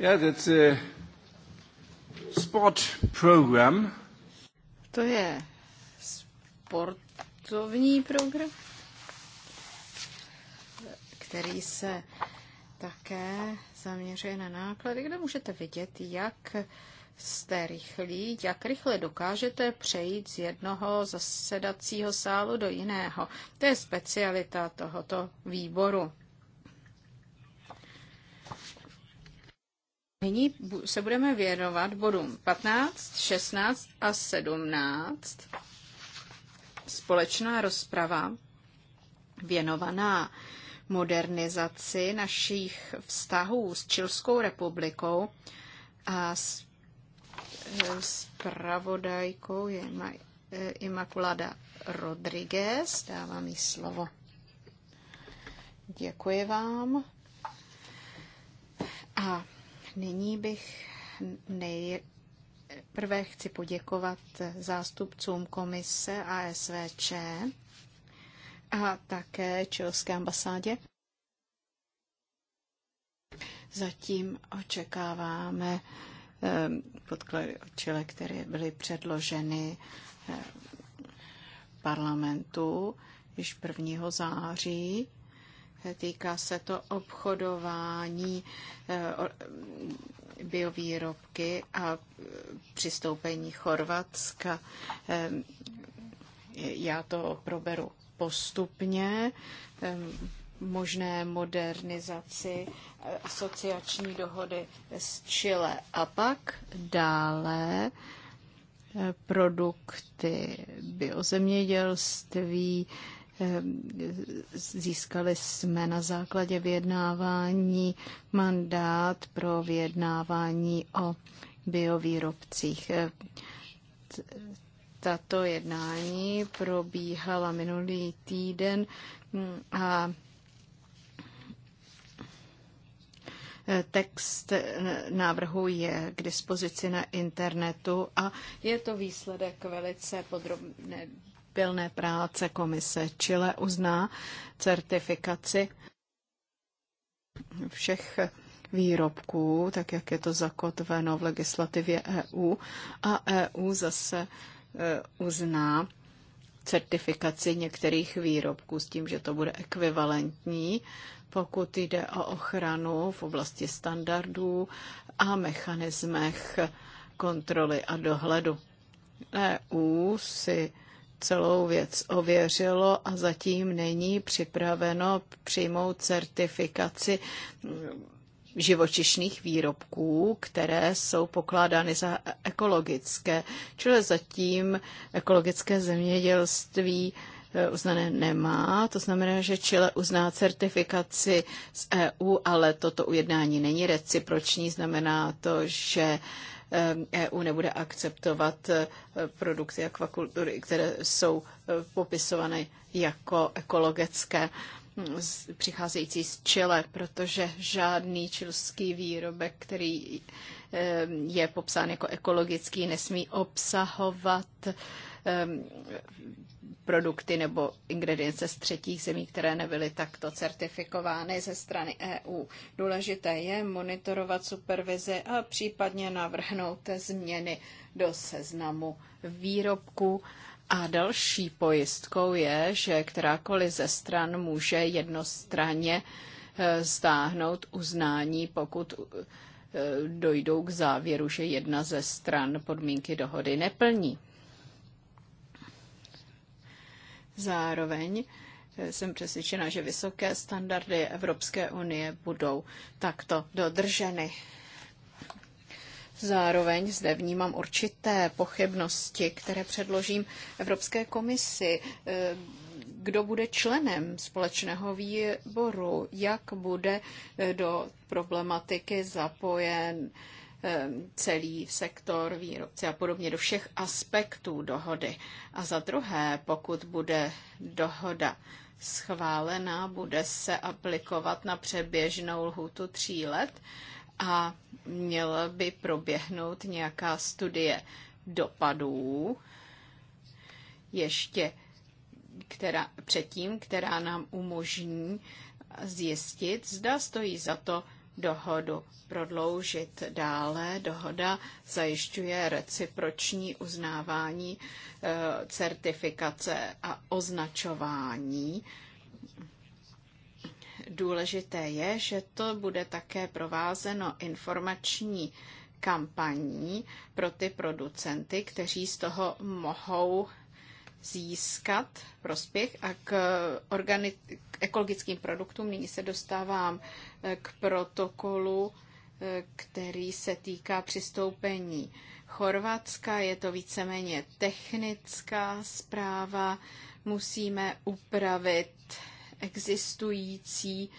To je sportovní program, který se také zaměřuje na náklady, kde můžete vidět, jak jste rychlí, jak rychle dokážete přejít z jednoho zasedacího sálu do jiného. To je specialita tohoto výboru. Nyní se budeme věnovat bodům 15, 16 a 17. Společná rozprava věnovaná modernizaci našich vztahů s Čilskou republikou a s e, pravodajkou je e, Imaculada Rodriguez. Dávám jí slovo. Děkuji vám. A Nyní bych nejprve chci poděkovat zástupcům komise ASVČ a také Čilské ambasádě. Zatím očekáváme ehm, podklady od Chile, které byly předloženy ehm, parlamentu již 1. září Týká se to obchodování eh, biovýrobky a přistoupení Chorvatska. Eh, já to proberu postupně eh, možné modernizaci asociační dohody s Chile. A pak dále produkty biozemědělství, Ehm, získali jsme na základě vyjednávání mandát pro vyjednávání o biovýrobcích. Ehm, tato jednání probíhala minulý týden hm, a e, Text e, návrhu je k dispozici na internetu a je to výsledek velice podrobné pilné práce komise Chile uzná certifikaci všech výrobků, tak jak je to zakotveno v legislativě EU a EU zase e, uzná certifikaci některých výrobků s tím, že to bude ekvivalentní, pokud jde o ochranu v oblasti standardů a mechanismech kontroly a dohledu. EU si celou věc ověřilo a zatím není připraveno přijmout certifikaci živočišných výrobků, které jsou pokládány za ekologické. Čili zatím ekologické zemědělství eh, uznané nemá. To znamená, že Chile uzná certifikaci z EU, ale toto ujednání není reciproční. Znamená to, že EU eh, e nebude akceptovat eh, produkty akvakultury, které jsou eh, popisované jako ekologické přicházející z Chile, protože žádný čilský výrobek, který je popsán jako ekologický, nesmí obsahovat produkty nebo ingredience z třetích zemí, které nebyly takto certifikovány ze strany EU. Důležité je monitorovat supervize a případně navrhnout změny do seznamu výrobků a další pojistkou je, že kterákoliv ze stran může jednostranně eh, stáhnout uznání, pokud eh, dojdou k závěru, že jedna ze stran podmínky dohody neplní. Zároveň eh, jsem přesvědčena, že vysoké standardy Evropské unie budou takto dodrženy. Zároveň zde vnímám určité pochybnosti, které předložím Evropské komisi eh, kdo bude členem společného výboru, jak bude eh, do problematiky zapojen eh, celý sektor, výrobce a podobně do všech aspektů dohody. A za druhé, pokud bude dohoda schválená, bude se aplikovat na přeběžnou lhutu tří let a měla by proběhnout nějaká studie dopadů ještě která, předtím, která nám umožní zjistit, zda stojí za to dohodu prodloužit dále. Dohoda zajišťuje reciproční uznávání e, certifikace a označování Důležité je, že to bude také provázeno informační kampaní pro ty producenty, kteří z toho mohou získat prospěch a k, organi- k ekologickým produktům. Nyní se dostávám eh, k protokolu, eh, který se týká přistoupení Chorvatska. Je to víceméně technická zpráva. Musíme upravit existující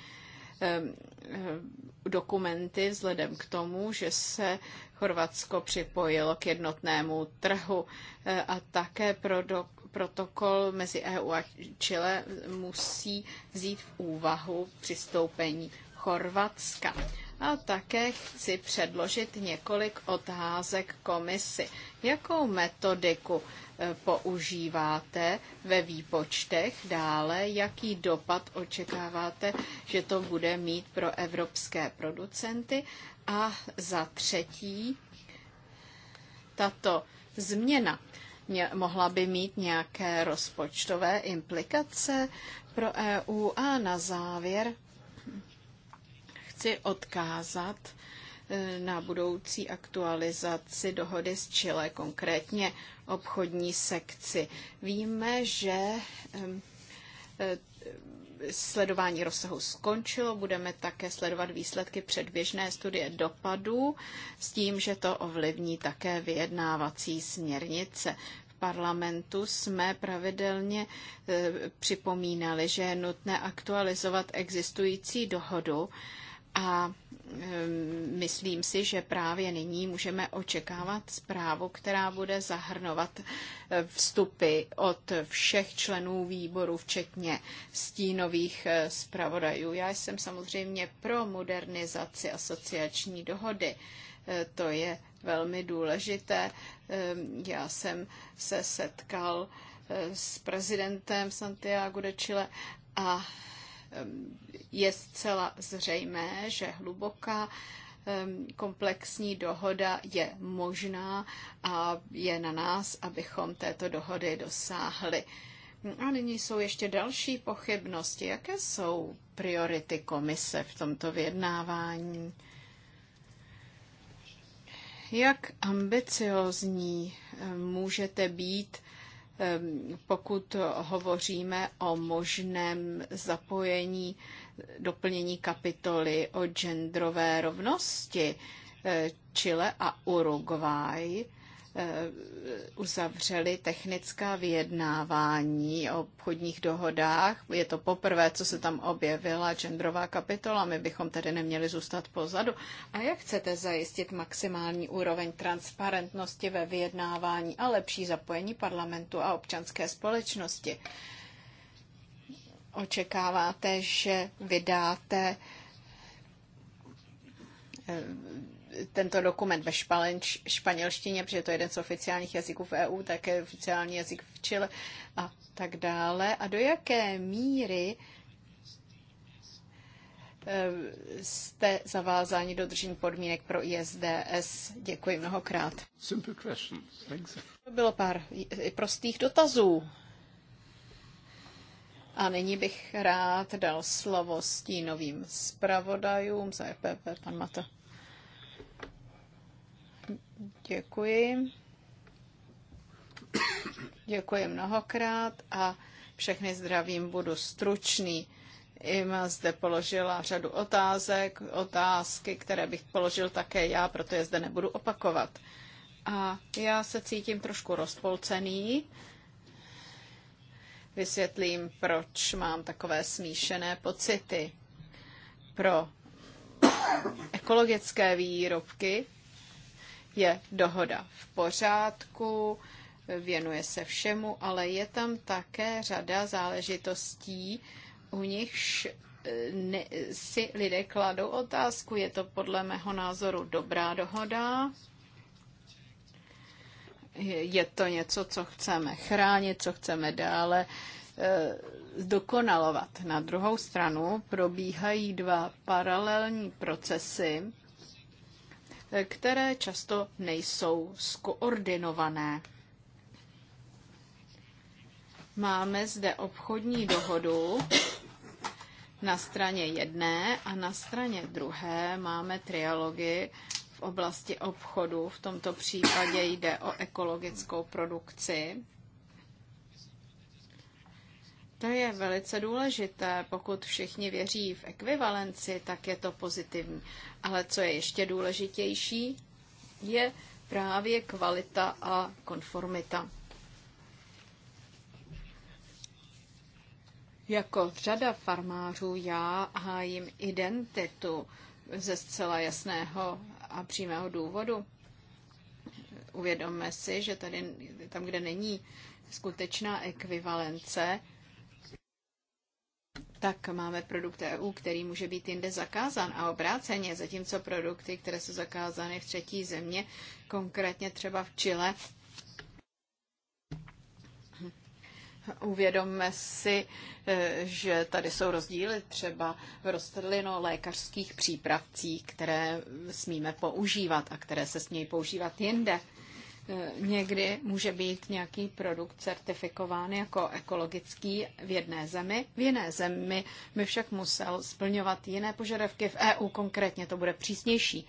dokumenty vzhledem k tomu, že se Chorvatsko připojilo k jednotnému trhu e, a také pro do, protokol mezi EU a Chile musí vzít v úvahu přistoupení Chorvatska. A také chci předložit několik otázek komisi. Jakou metodiku eh, používáte ve výpočtech dále, jaký dopad očekáváte, že to bude mít pro evropské producenty a za třetí, tato změna mohla by mít nějaké rozpočtové implikace pro EU a na závěr chci odkázat e, na budoucí aktualizaci dohody s Chile, konkrétně obchodní sekci. Víme, že e, sledování rozsahu skončilo. Budeme také sledovat výsledky předběžné studie dopadů s tím, že to ovlivní také vyjednávací směrnice. V parlamentu jsme pravidelně e, připomínali, že je nutné aktualizovat existující dohodu a myslím si, že právě nyní můžeme očekávat zprávu, která bude zahrnovat e, vstupy od všech členů výboru, včetně stínových e, zpravodajů. Já jsem samozřejmě pro modernizaci asociační dohody. E, to je velmi důležité. Já jsem se setkal s prezidentem Santiago de Chile a je zcela zřejmé, že hluboká komplexní dohoda je možná a je na nás, abychom této dohody dosáhli. A nyní jsou ještě další pochybnosti. Jaké jsou priority komise v tomto vyjednávání? Jak ambiciozní můžete být Ehm, pokud hovoříme o možném zapojení doplnění kapitoly o genderové rovnosti eh, Chile a Uruguay, Eh, uzavřeli technická vyjednávání o obchodních dohodách. Je to poprvé, co se tam objevila genderová kapitola, my bychom tedy neměli zůstat pozadu. A jak chcete zajistit maximální úroveň transparentnosti ve vyjednávání a lepší zapojení parlamentu a občanské společnosti? Očekáváte, že vydáte eh, tento dokument ve španělštině, protože to je jeden z oficiálních jazyků v EU, také oficiální jazyk v Chile a tak dále. A do jaké míry eh, jste zavázáni dodržení podmínek pro ISDS. Děkuji mnohokrát. To bylo pár prostých dotazů. A nyní bych rád dal slovo stínovým zpravodajům za EPP, pan Mata. Děkuji. Děkuji mnohokrát a všechny zdravím, budu stručný. Ima zde položila řadu otázek, otázky, které bych položil také já, proto je zde nebudu opakovat. A já se cítím trošku rozpolcený. Vysvětlím, proč mám takové smíšené pocity. Pro ekologické výrobky je dohoda v pořádku, věnuje se všemu, ale je tam také řada záležitostí, u nichž e, ne, si lidé kladou otázku. Je to podle mého názoru dobrá dohoda? Je to něco, co chceme chránit, co chceme dále e, zdokonalovat. Na druhou stranu probíhají dva paralelní procesy, které často nejsou skoordinované. Máme zde obchodní dohodu na straně jedné a na straně druhé máme trialogy v oblasti obchodu. V tomto případě jde o ekologickou produkci to je velice důležité. Pokud všichni věří v ekvivalenci, tak je to pozitivní. Ale co je ještě důležitější, je právě kvalita a konformita. Jako řada farmářů já hájím identitu ze zcela jasného a přímého důvodu. Uvědomme si, že tady, tam, kde není skutečná ekvivalence, tak máme produkt EU, který může být jinde zakázán a obráceně, zatímco produkty, které jsou zakázány v třetí země, konkrétně třeba v Chile, Uvědomme si, eh, že tady jsou rozdíly třeba v lékařských přípravcích, které smíme používat a které se smějí používat jinde. E, někdy může být nějaký produkt certifikován jako ekologický v jedné zemi. V jiné zemi by však musel splňovat jiné požadavky. V EU konkrétně to bude přísnější.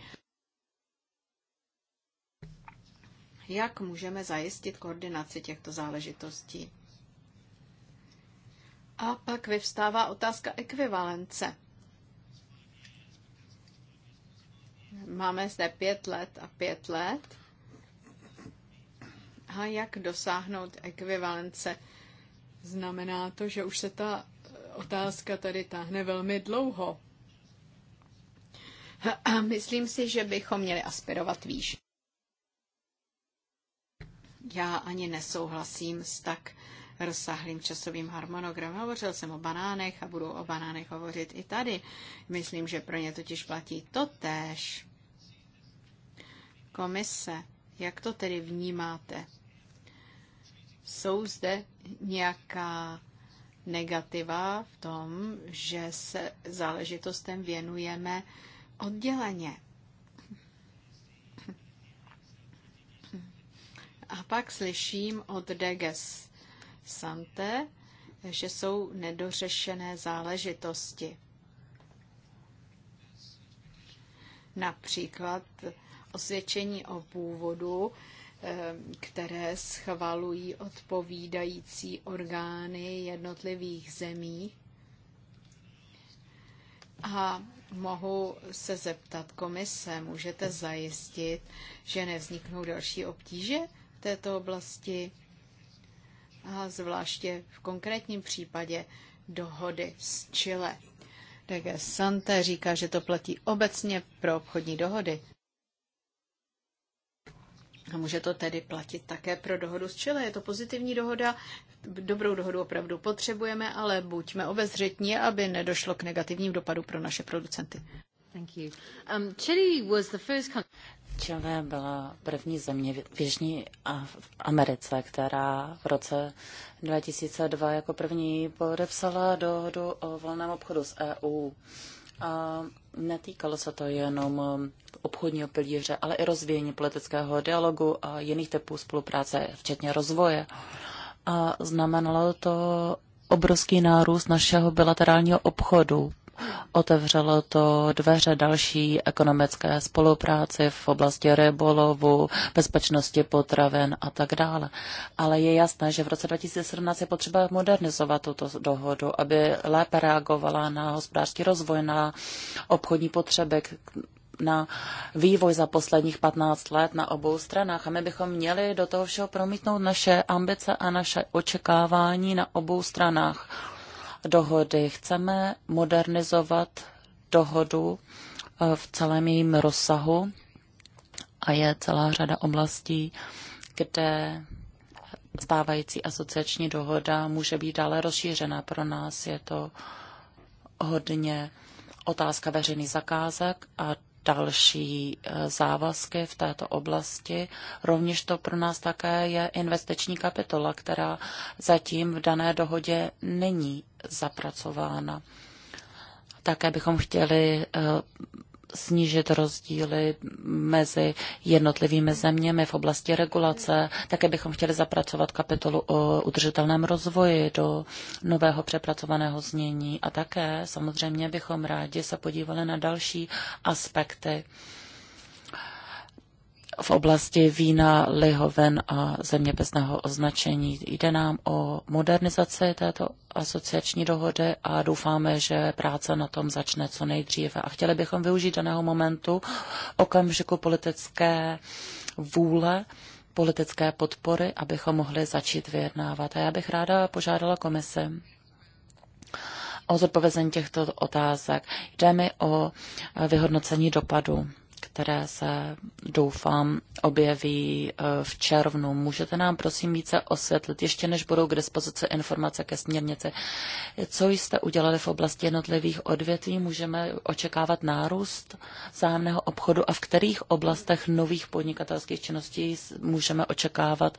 Jak můžeme zajistit koordinaci těchto záležitostí? A pak vyvstává otázka ekvivalence. Máme zde pět let a pět let a jak dosáhnout ekvivalence? Znamená to, že už se ta otázka tady táhne velmi dlouho. A myslím si, že bychom měli aspirovat výš. Já ani nesouhlasím s tak rozsáhlým časovým harmonogramem. Hovořil jsem o banánech a budu o banánech hovořit i tady. Myslím, že pro ně totiž platí to též. Komise, jak to tedy vnímáte? jsou zde nějaká negativa v tom, že se záležitostem věnujeme odděleně. A pak slyším od Deges Sante, že jsou nedořešené záležitosti. Například osvědčení o původu Eh, které schvalují odpovídající orgány jednotlivých zemí. A mohu se zeptat komise, můžete zajistit, že nevzniknou další obtíže v této oblasti? A zvláště v konkrétním případě dohody s Chile. DG Sante říká, že to platí obecně pro obchodní dohody, a může to tedy platit také pro dohodu s Chile. Je to pozitivní dohoda, dobrou dohodu opravdu potřebujeme, ale buďme obezřetní, aby nedošlo k negativním dopadu pro naše producenty. Thank you. Um, Chile was the first Chile byla první země v Jižní Americe, která v roce 2002 jako první podepsala dohodu o volném obchodu s EU. A netýkalo se to jenom obchodního pilíře, ale i rozvíjení politického dialogu a jiných typů spolupráce, včetně rozvoje. A znamenalo to obrovský nárůst našeho bilaterálního obchodu Otevřelo to dveře další ekonomické spolupráci v oblasti rybolovu, bezpečnosti potravin a tak dále. Ale je jasné, že v roce 2017 je potřeba modernizovat tuto dohodu, aby lépe reagovala na hospodářský rozvoj, na obchodní potřeby, na vývoj za posledních 15 let na obou stranách a my bychom měli do toho všeho promítnout naše ambice a naše očekávání na obou stranách dohody. Chceme modernizovat dohodu eh, v celém jejím rozsahu a je celá řada oblastí, kde stávající asociační dohoda může být dále rozšířena. Pro nás je to hodně otázka veřejných zakázek a další eh, závazky v této oblasti. Rovněž to pro nás také je investiční kapitola, která zatím v dané dohodě není zapracována. Také bychom chtěli eh, snížit rozdíly mezi jednotlivými zeměmi v oblasti regulace. Také bychom chtěli zapracovat kapitolu o udržitelném rozvoji do nového přepracovaného znění a také samozřejmě bychom rádi se podívali na další aspekty v oblasti vína, lihoven a zeměpisného označení. Jde nám o modernizaci této asociační dohody a doufáme, že práce na tom začne co nejdříve. A chtěli bychom využít daného momentu okamžiku politické vůle, politické podpory, abychom mohli začít vyjednávat. A já bych ráda požádala komisi o zodpovězení těchto otázek. Jde mi o vyhodnocení dopadu které se, doufám, objeví eh, v červnu. Můžete nám prosím více osvětlit, ještě než budou k dispozici informace ke směrnici, co jste udělali v oblasti jednotlivých odvětví, můžeme očekávat nárůst zájemného obchodu a v kterých oblastech nových podnikatelských činností můžeme očekávat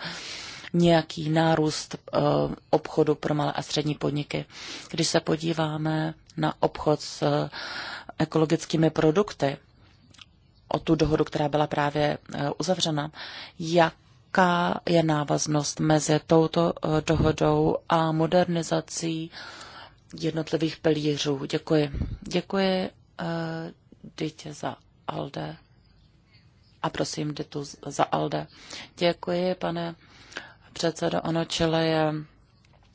nějaký nárůst eh, obchodu pro malé a střední podniky. Když se podíváme na obchod s eh, ekologickými produkty, o tu dohodu, která byla právě eh, uzavřena. jaká je návaznost mezi touto eh, dohodou a modernizací jednotlivých pilířů. Děkuji. Děkuji eh, dítě za Alde. A prosím Dytu za Alde. Děkuji, pane předsedo. Ono čele je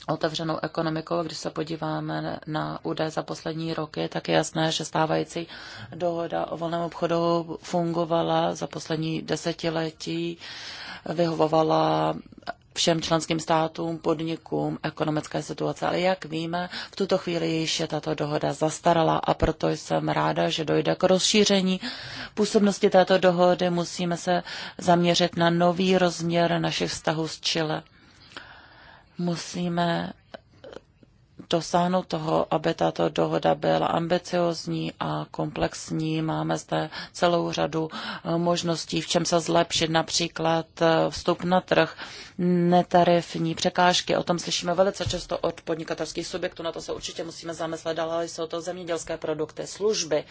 otevřenou ekonomikou. Když se podíváme na údaje za poslední roky, tak je jasné, že stávající dohoda o volném obchodu fungovala za poslední desetiletí, vyhovovala všem členským státům, podnikům, ekonomické situace. Ale jak víme, v tuto chvíli již je tato dohoda zastarala a proto jsem ráda, že dojde k rozšíření působnosti této dohody. Musíme se zaměřit na nový rozměr našich vztahů s Chile musíme dosáhnout toho, aby tato dohoda byla ambiciozní a komplexní. Máme zde celou řadu eh, možností, v čem se zlepšit, například eh, vstup na trh, netarifní překážky. O tom slyšíme velice často od podnikatelských subjektů, na to se určitě musíme zamyslet, ale jsou to zemědělské produkty, služby.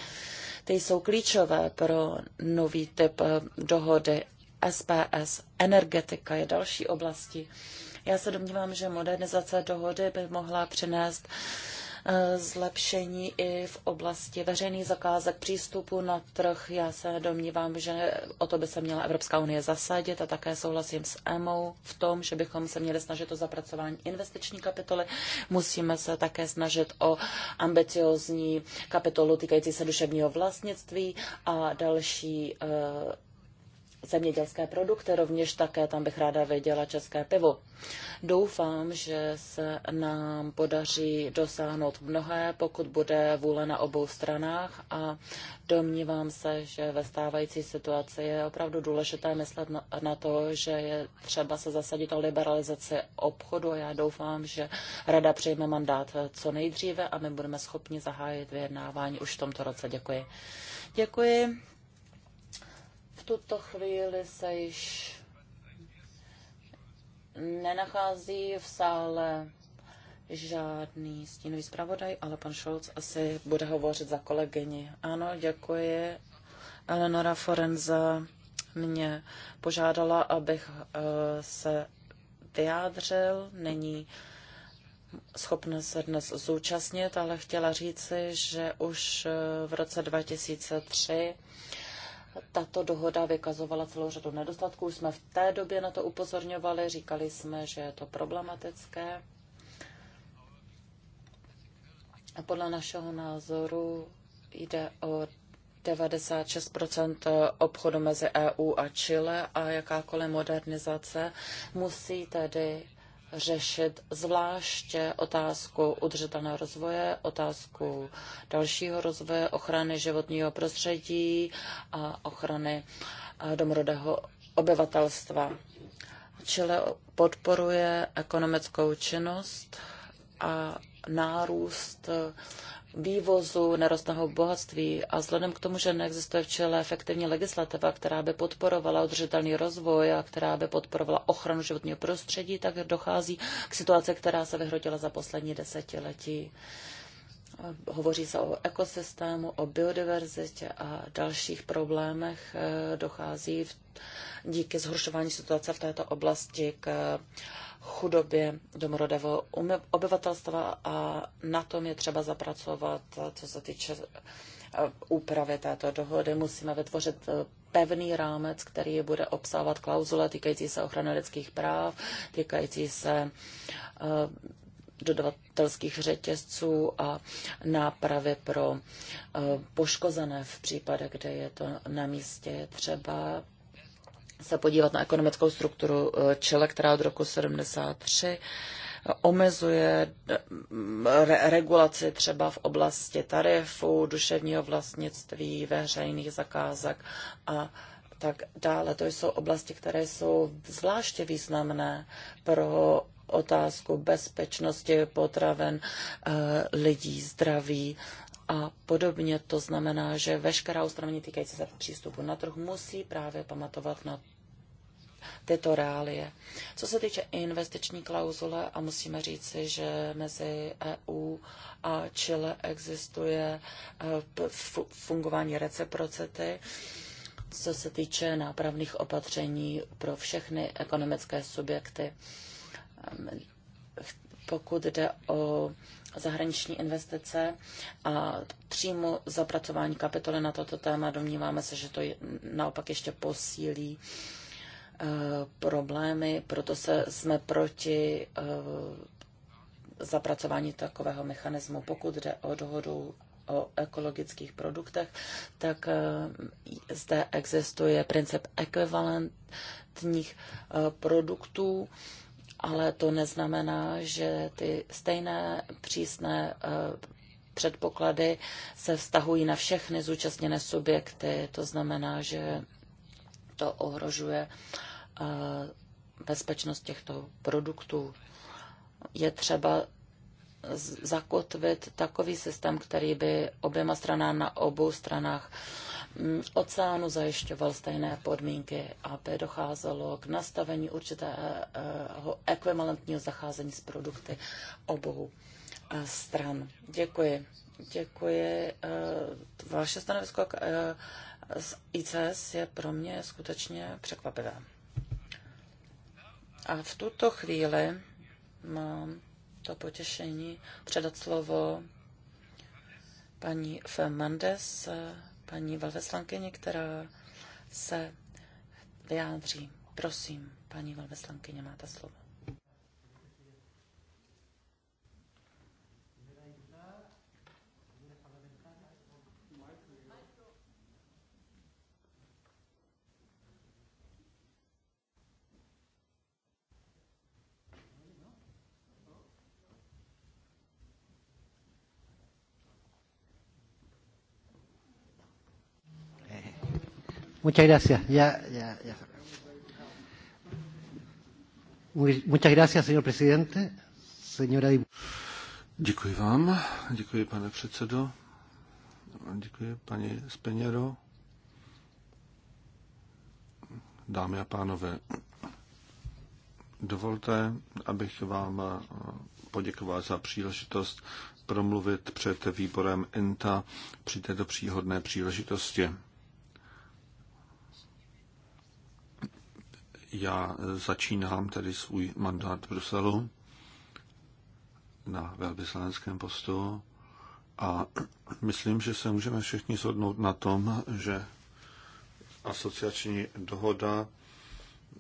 Ty jsou klíčové pro nový typ eh, dohody. SPS, energetika je další oblasti já se domnívám, že modernizace dohody by mohla přinést eh, zlepšení i v oblasti veřejných zakázek, přístupu na trh. Já se domnívám, že o to by se měla Evropská unie zasadit a také souhlasím s EMO v tom, že bychom se měli snažit o zapracování investiční kapitoly. Musíme se také snažit o ambiciozní kapitolu týkající se duševního vlastnictví a další eh, zemědělské produkty, rovněž také tam bych ráda viděla české pivo. Doufám, že se nám podaří dosáhnout mnohé, pokud bude vůle na obou stranách a domnívám se, že ve stávající situaci je opravdu důležité myslet na, to, že je třeba se zasadit o liberalizaci obchodu a já doufám, že Rada přijme mandát co nejdříve a my budeme schopni zahájit vyjednávání už v tomto roce. Děkuji. Děkuji tuto chvíli se již nenachází v sále žádný stínový zpravodaj, ale pan Scholz asi bude hovořit za kolegyni. Ano, děkuji. Eleonora Forenza mě požádala, abych eh, se vyjádřil. Není schopna se dnes zúčastnit, ale chtěla říci, že už eh, v roce 2003 tato dohoda vykazovala celou řadu nedostatků. Jsme v té době na to upozorňovali, říkali jsme, že je to problematické. A podle našeho názoru jde o 96 obchodu mezi EU a Chile a jakákoliv modernizace musí tedy řešit zvláště otázku udržitelného rozvoje, otázku dalšího rozvoje, ochrany životního prostředí a ochrany domorodého obyvatelstva. Čile podporuje ekonomickou činnost a nárůst vývozu nerostného bohatství a vzhledem k tomu, že neexistuje v čele efektivní legislativa, která by podporovala udržitelný rozvoj a která by podporovala ochranu životního prostředí, tak dochází k situaci, která se vyhrotila za poslední desetiletí hovoří se o ekosystému, o biodiverzitě a dalších problémech. Eh, dochází v, díky zhoršování situace v této oblasti k eh, chudobě domorodého obyvatelstva a na tom je třeba zapracovat, eh, co se týče úpravy této dohody. Musíme vytvořit pevný rámec, který bude obsávat klauzule týkající se ochrany lidských práv, týkající se dodavatelských řetězců a nápravy pro eh, poškozené v případě kde je to na místě třeba se podívat na ekonomickou strukturu Čile, eh, která od roku 73 eh, omezuje re- regulaci třeba v oblasti tarifů, duševního vlastnictví, veřejných zakázek a tak dále. To jsou oblasti, které jsou zvláště významné pro otázku bezpečnosti potraven, eh, lidí, zdraví a podobně. To znamená, že veškerá ustanovení týkající se přístupu na trh musí právě pamatovat na tyto reálie. Co se týče investiční klauzule, a musíme říci, že mezi EU a Chile existuje eh, fungování reciprocity, co se týče nápravných opatření pro všechny ekonomické subjekty pokud jde o zahraniční investice a přímo zapracování kapitoly na toto téma. Domníváme se, že to naopak ještě posílí e, problémy, proto se jsme proti e, zapracování takového mechanismu. Pokud jde o dohodu o ekologických produktech, tak e, zde existuje princip ekvivalentních produktů ale to neznamená, že ty stejné přísné eh, předpoklady se vztahují na všechny zúčastněné subjekty. To znamená, že to ohrožuje eh, bezpečnost těchto produktů. Je třeba zakotvit takový systém, který by oběma stranám na obou stranách Mm, oceánu zajišťoval stejné podmínky, aby docházelo k nastavení určitého eh, ekvivalentního zacházení s produkty obou eh, stran. Děkuji. Děkuji. Eh, vaše stanovisko k ICS je pro mě skutečně překvapivé. A v tuto chvíli mám to potěšení předat slovo paní Fernandez, paní velveslankyni, která se vyjádří. Prosím, paní velveslankyně, máte slovo. Muchas gracias. Ya, ya, ya. Muchas gracias, señor presidente. Señora Děkuji vám. Děkuji, pane předsedo. Děkuji, paní Speněro. Dámy a pánové, dovolte, abych vám eh, poděkoval za příležitost promluvit před výborem ENTA při této příhodné příležitosti. Já eh, začínám tedy svůj mandát v Bruselu na velvyslaneckém postu a myslím, že se můžeme všichni shodnout na tom, že asociační dohoda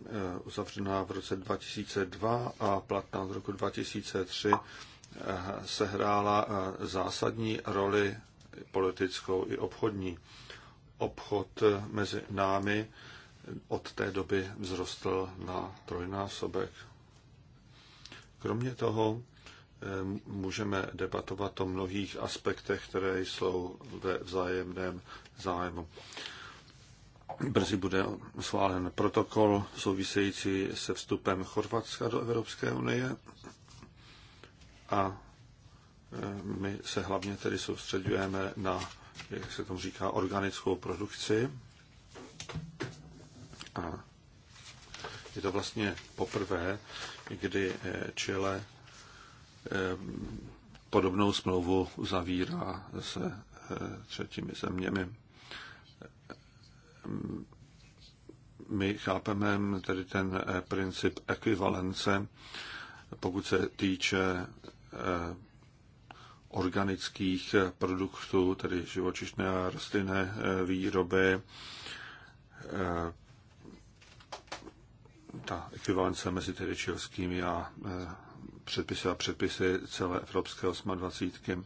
eh, uzavřená v roce 2002 a platná z roku 2003 eh, sehrála zásadní roli politickou i obchodní. Obchod mezi námi od té doby vzrostl na trojnásobek. Kromě toho eh, můžeme debatovat o mnohých aspektech, které jsou ve vzájemném zájmu. Brzy bude schválen protokol související se vstupem Chorvatska do Evropské unie a eh, my se hlavně tedy soustředujeme na, jak se tomu říká, organickou produkci a je to vlastně poprvé, kdy eh, Chile eh, podobnou smlouvu zavírá se eh, třetími zeměmi. My chápeme tedy ten princip ekvivalence, pokud se týče organických produktů, tedy živočišné a rostlinné výroby, ta ekvivalence mezi tedy čilskými a e, předpisy a předpisy celé Evropské 28.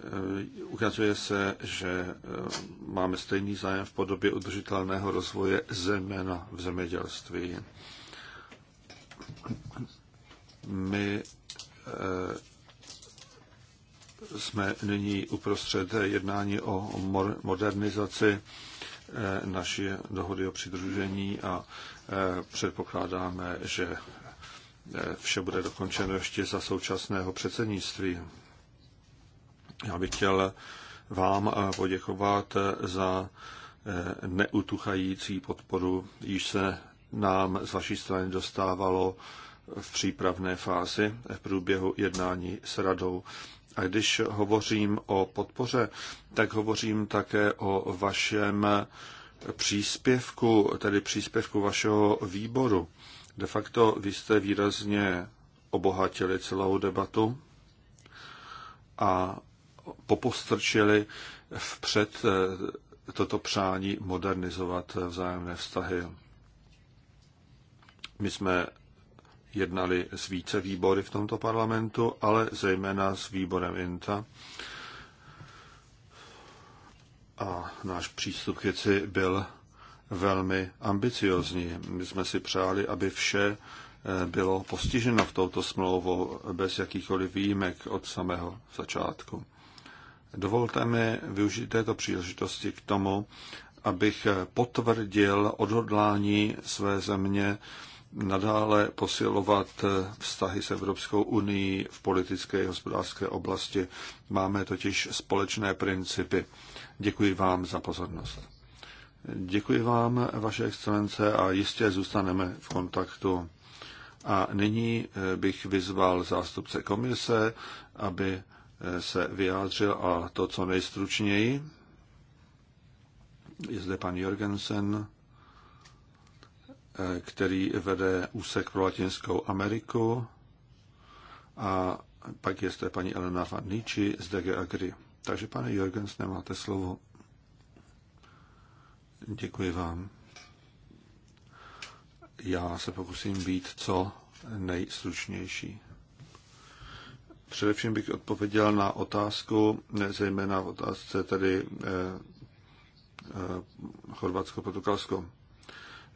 E, ukazuje se, že e, máme stejný zájem v podobě udržitelného rozvoje zejména v zemědělství. My jsme nyní uprostřed jednání o modernizaci naší dohody o přidružení a Předpokládáme, že eh, vše bude dokončeno ještě za současného předsednictví. Já bych chtěl vám eh, poděkovat eh, za neutuchající podporu, již se nám z vaší strany dostávalo v přípravné fázi v průběhu jednání s radou. A když hovořím o podpoře, tak hovořím také o vašem příspěvku, tedy příspěvku vašeho výboru. De facto vy jste výrazně obohatili celou debatu a popostrčili vpřed eh, toto přání modernizovat vzájemné vztahy. My jsme jednali s více výbory v tomto parlamentu, ale zejména s výborem INTA a náš přístup k věci byl velmi ambiciozní. My jsme si přáli, aby vše eh, bylo postiženo v touto smlouvu bez jakýchkoliv výjimek od samého začátku. Dovolte mi využít této příležitosti k tomu, abych eh, potvrdil odhodlání své země nadále posilovat eh, vztahy s Evropskou unii v politické i hospodářské oblasti. Máme totiž společné principy. Děkuji vám za pozornost. Děkuji vám, vaše excelence, a jistě zůstaneme v kontaktu. A nyní eh, bych vyzval zástupce komise, aby eh, se vyjádřil a to, co nejstručněji. Je zde pan Jorgensen, eh, který vede úsek pro Latinskou Ameriku a pak je zde paní Elena Farnici z DG Agri. Takže, pane Jorgens, nemáte slovo. Děkuji vám. Já se pokusím být co nejstručnější. Především bych odpověděl na otázku, zejména v otázce tedy eh, eh, Chorvatsko-Portugalsko.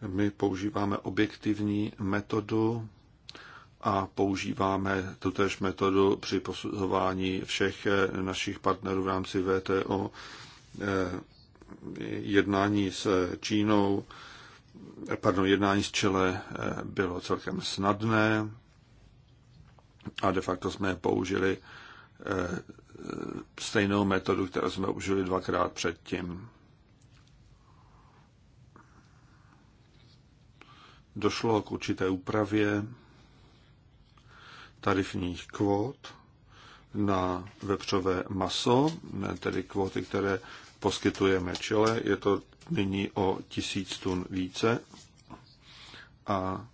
My používáme objektivní metodu a používáme tutéž metodu při posuzování všech eh, našich partnerů v rámci VTO. Eh, jednání s Čínou, eh, pardon, jednání s Čile bylo celkem snadné a de facto jsme použili stejnou metodu, kterou jsme užili dvakrát předtím. Došlo k určité úpravě tarifních kvót na vepřové maso, tedy kvóty, které poskytujeme čele. Je to nyní o tisíc tun více. A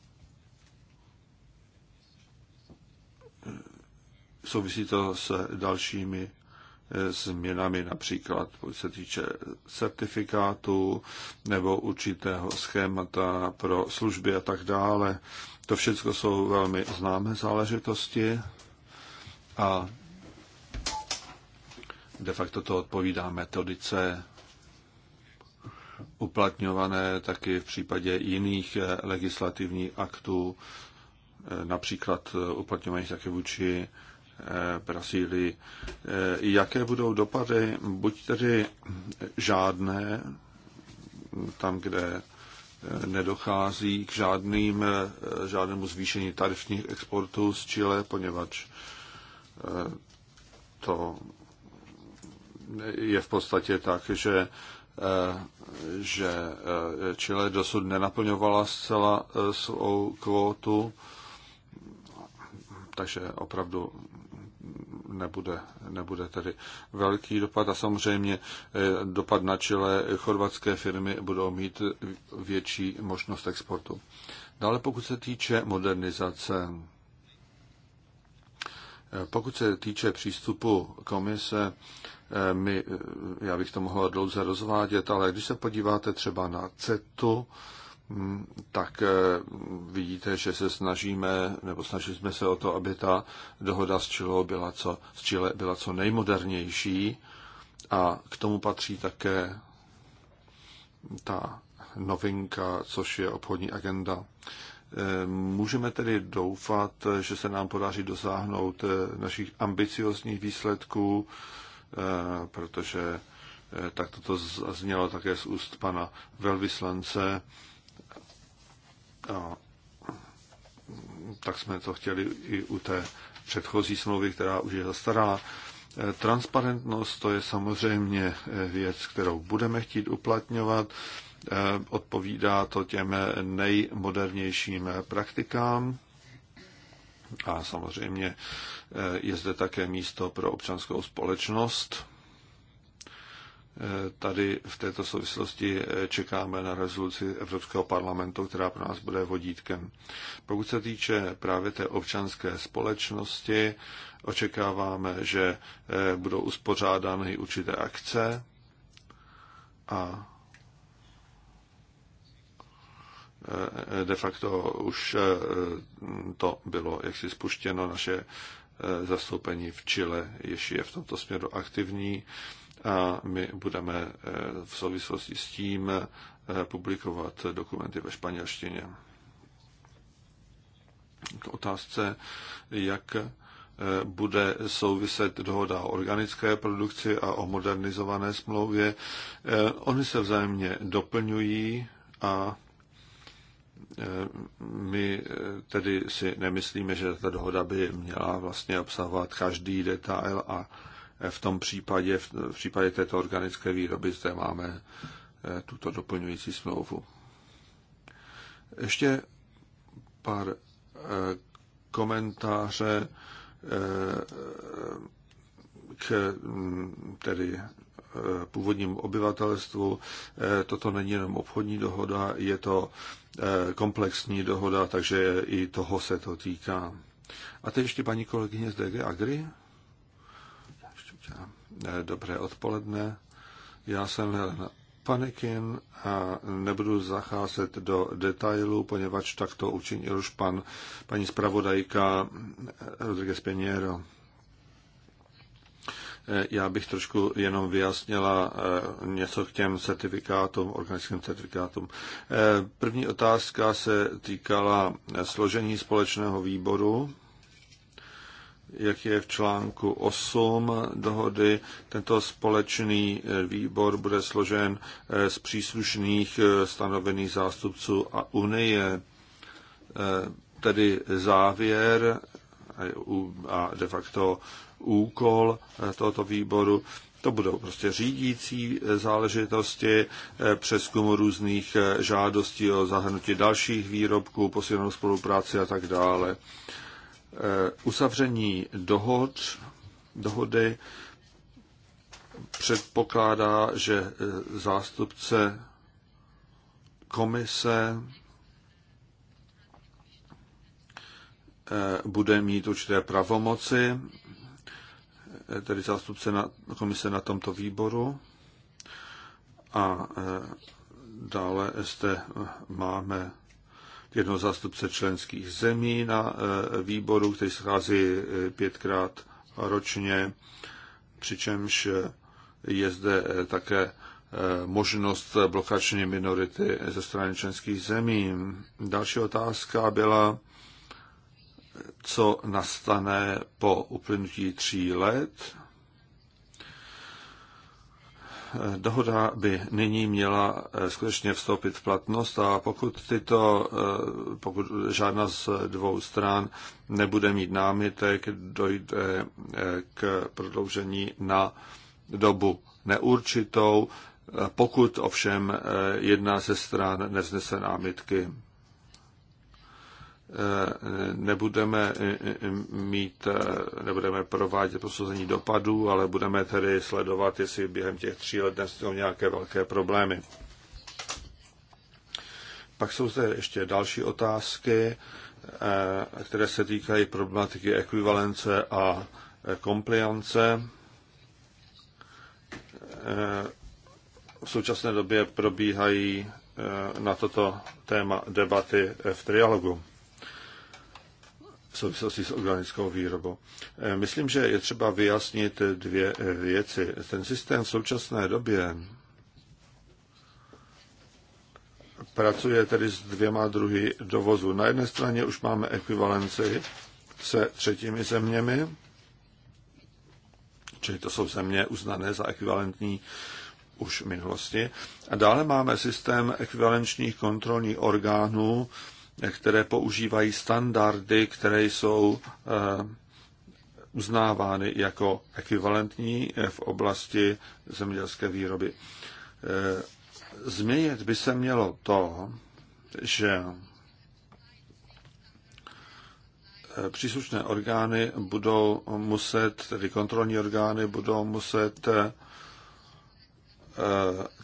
souvisí to s dalšími změnami například, pokud se týče certifikátu nebo určitého schémata pro služby a tak dále. To všechno jsou velmi známé záležitosti a de facto to odpovídá metodice uplatňované taky v případě jiných legislativních aktů, například uplatňovaných také vůči Eh, Brazílii. Eh, jaké budou dopady? Buď tedy žádné, tam, kde eh, nedochází k žádným, žádnému zvýšení tarifních exportů z Chile, poněvadž to je v podstatě tak, že že Chile dosud nenaplňovala zcela svou kvótu, takže opravdu nebude, nebude tedy velký dopad a samozřejmě eh, dopad na čele chorvatské firmy budou mít větší možnost exportu. Dále pokud se týče modernizace, eh, pokud se týče přístupu komise, eh, my, já bych to mohl dlouze rozvádět, ale když se podíváte třeba na CETu, Mm, tak eh, vidíte, že se snažíme, nebo snažili jsme se o to, aby ta dohoda s Chile byla co, s Chile byla co nejmodernější a k tomu patří také ta novinka, což je obchodní agenda. Eh, můžeme tedy doufat, že se nám podaří dosáhnout eh, našich ambiciozních výsledků, protože tak toto znělo také z úst pana velvyslance, a tak jsme to chtěli i u té předchozí smlouvy, která už je zastarala. E, transparentnost to je samozřejmě e, věc, kterou budeme chtít uplatňovat. E, odpovídá to těm nejmodernějším praktikám. A samozřejmě je zde také místo pro občanskou společnost, Tady v této souvislosti eh, čekáme na rezoluci Evropského parlamentu, která pro nás bude vodítkem. Pokud se týče právě té občanské společnosti, očekáváme, že eh, budou uspořádány určité akce a eh, de facto už to bylo jaksi spuštěno, naše zastoupení v Chile ještě je v tomto směru aktivní a my budeme eh, v souvislosti s tím eh, publikovat dokumenty ve španělštině. K otázce, jak eh, bude souviset dohoda o organické produkci a o modernizované smlouvě. Oni se vzájemně doplňují a my tedy si nemyslíme, že ta dohoda by měla vlastně obsahovat každý detail a v tom případě, v případě této organické výroby zde máme eh, tuto doplňující smlouvu. Ještě pár eh, komentáře eh, k mm, tedy původním obyvatelstvu. Toto není jenom obchodní dohoda, je to komplexní dohoda, takže i toho se to týká. A teď ještě paní kolegyně z DG Agri. Dobré odpoledne. Já jsem Helena Panikin a nebudu zacházet do detailů, poněvadž tak to učinil už pan, paní zpravodajka Rodriguez Peniero. Já bych trošku jenom vyjasnila eh, něco k těm certifikátům, organickým certifikátům. Eh, první otázka se týkala složení společného výboru jak je v článku 8 dohody. Tento společný eh, výbor bude složen eh, z příslušných eh, stanovených zástupců a Unie. Tedy závěr a de facto úkol tohoto výboru to budou prostě řídící záležitosti, přeskumu různých žádostí o zahrnutí dalších výrobků, posílenou spolupráci a tak dále. Eh, uzavření dohod, dohody předpokládá, že eh, zástupce komise eh, bude mít určité pravomoci, tedy zástupce na, komise na tomto výboru. A dále zde máme jednoho zástupce členských zemí na e, výboru, který se chází e, pětkrát ročně, přičemž je zde e, také možnost blokační minority ze strany členských zemí. Další otázka byla, co nastane po uplynutí tří let dohoda by nyní měla eh, skutečně vstoupit v platnost a pokud, tyto, eh, pokud žádná z dvou stran nebude mít námitek, dojde eh, k prodloužení na dobu neurčitou, pokud ovšem jedna ze stran nevznese námitky nebudeme mít, e, nebudeme provádět posouzení dopadů, ale budeme tedy sledovat, jestli během těch tří let jsou nějaké velké problémy. Pak jsou zde ještě další otázky, e, které se týkají problematiky ekvivalence a kompliance. E, v současné době probíhají na toto téma debaty v trialogu souvislosti s organickou výrobou. Eh, myslím, že je třeba vyjasnit dvě eh, věci. Ten systém v současné době pracuje tedy s dvěma druhy dovozu. Na jedné straně už máme ekvivalenci se třetími zeměmi, čili to jsou země uznané za ekvivalentní už v minulosti. A dále máme systém ekvivalenčních kontrolních orgánů, které používají standardy, které jsou eh, uznávány jako ekvivalentní eh, v oblasti zemědělské výroby. Eh, změnit by se mělo to, že příslušné orgány budou muset, tedy kontrolní orgány budou muset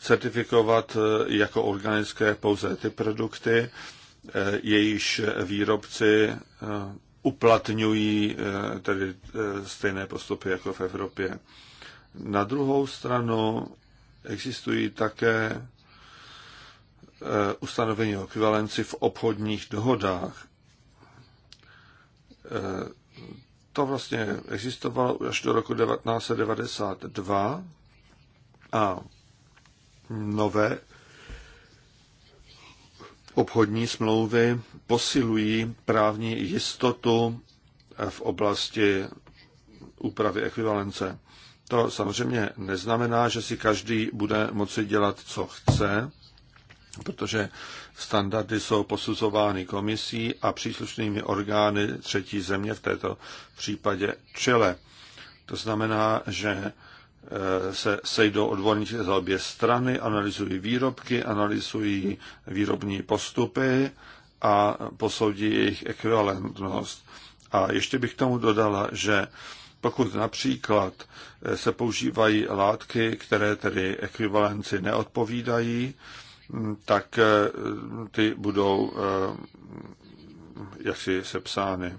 certifikovat jako organické pouze ty produkty, Eh, jejíž eh, výrobci eh, uplatňují tedy stejné postupy jako v Evropě. Na druhou stranu existují také ustanovení o ekvivalenci v obchodních dohodách. To vlastně existovalo až do roku 1992 a nové Obchodní smlouvy posilují právní jistotu v oblasti úpravy ekvivalence. To samozřejmě neznamená, že si každý bude moci dělat, co chce, protože standardy jsou posuzovány komisí a příslušnými orgány třetí země, v této případě čele. To znamená, že Eh, se sejdou odborníci z obě strany, analyzují výrobky, analyzují výrobní postupy a posoudí jejich ekvivalentnost. A ještě bych k tomu dodala, že pokud například eh, se používají látky, které tedy ekvivalenci neodpovídají, hm, tak eh, ty budou jaksi sepsány.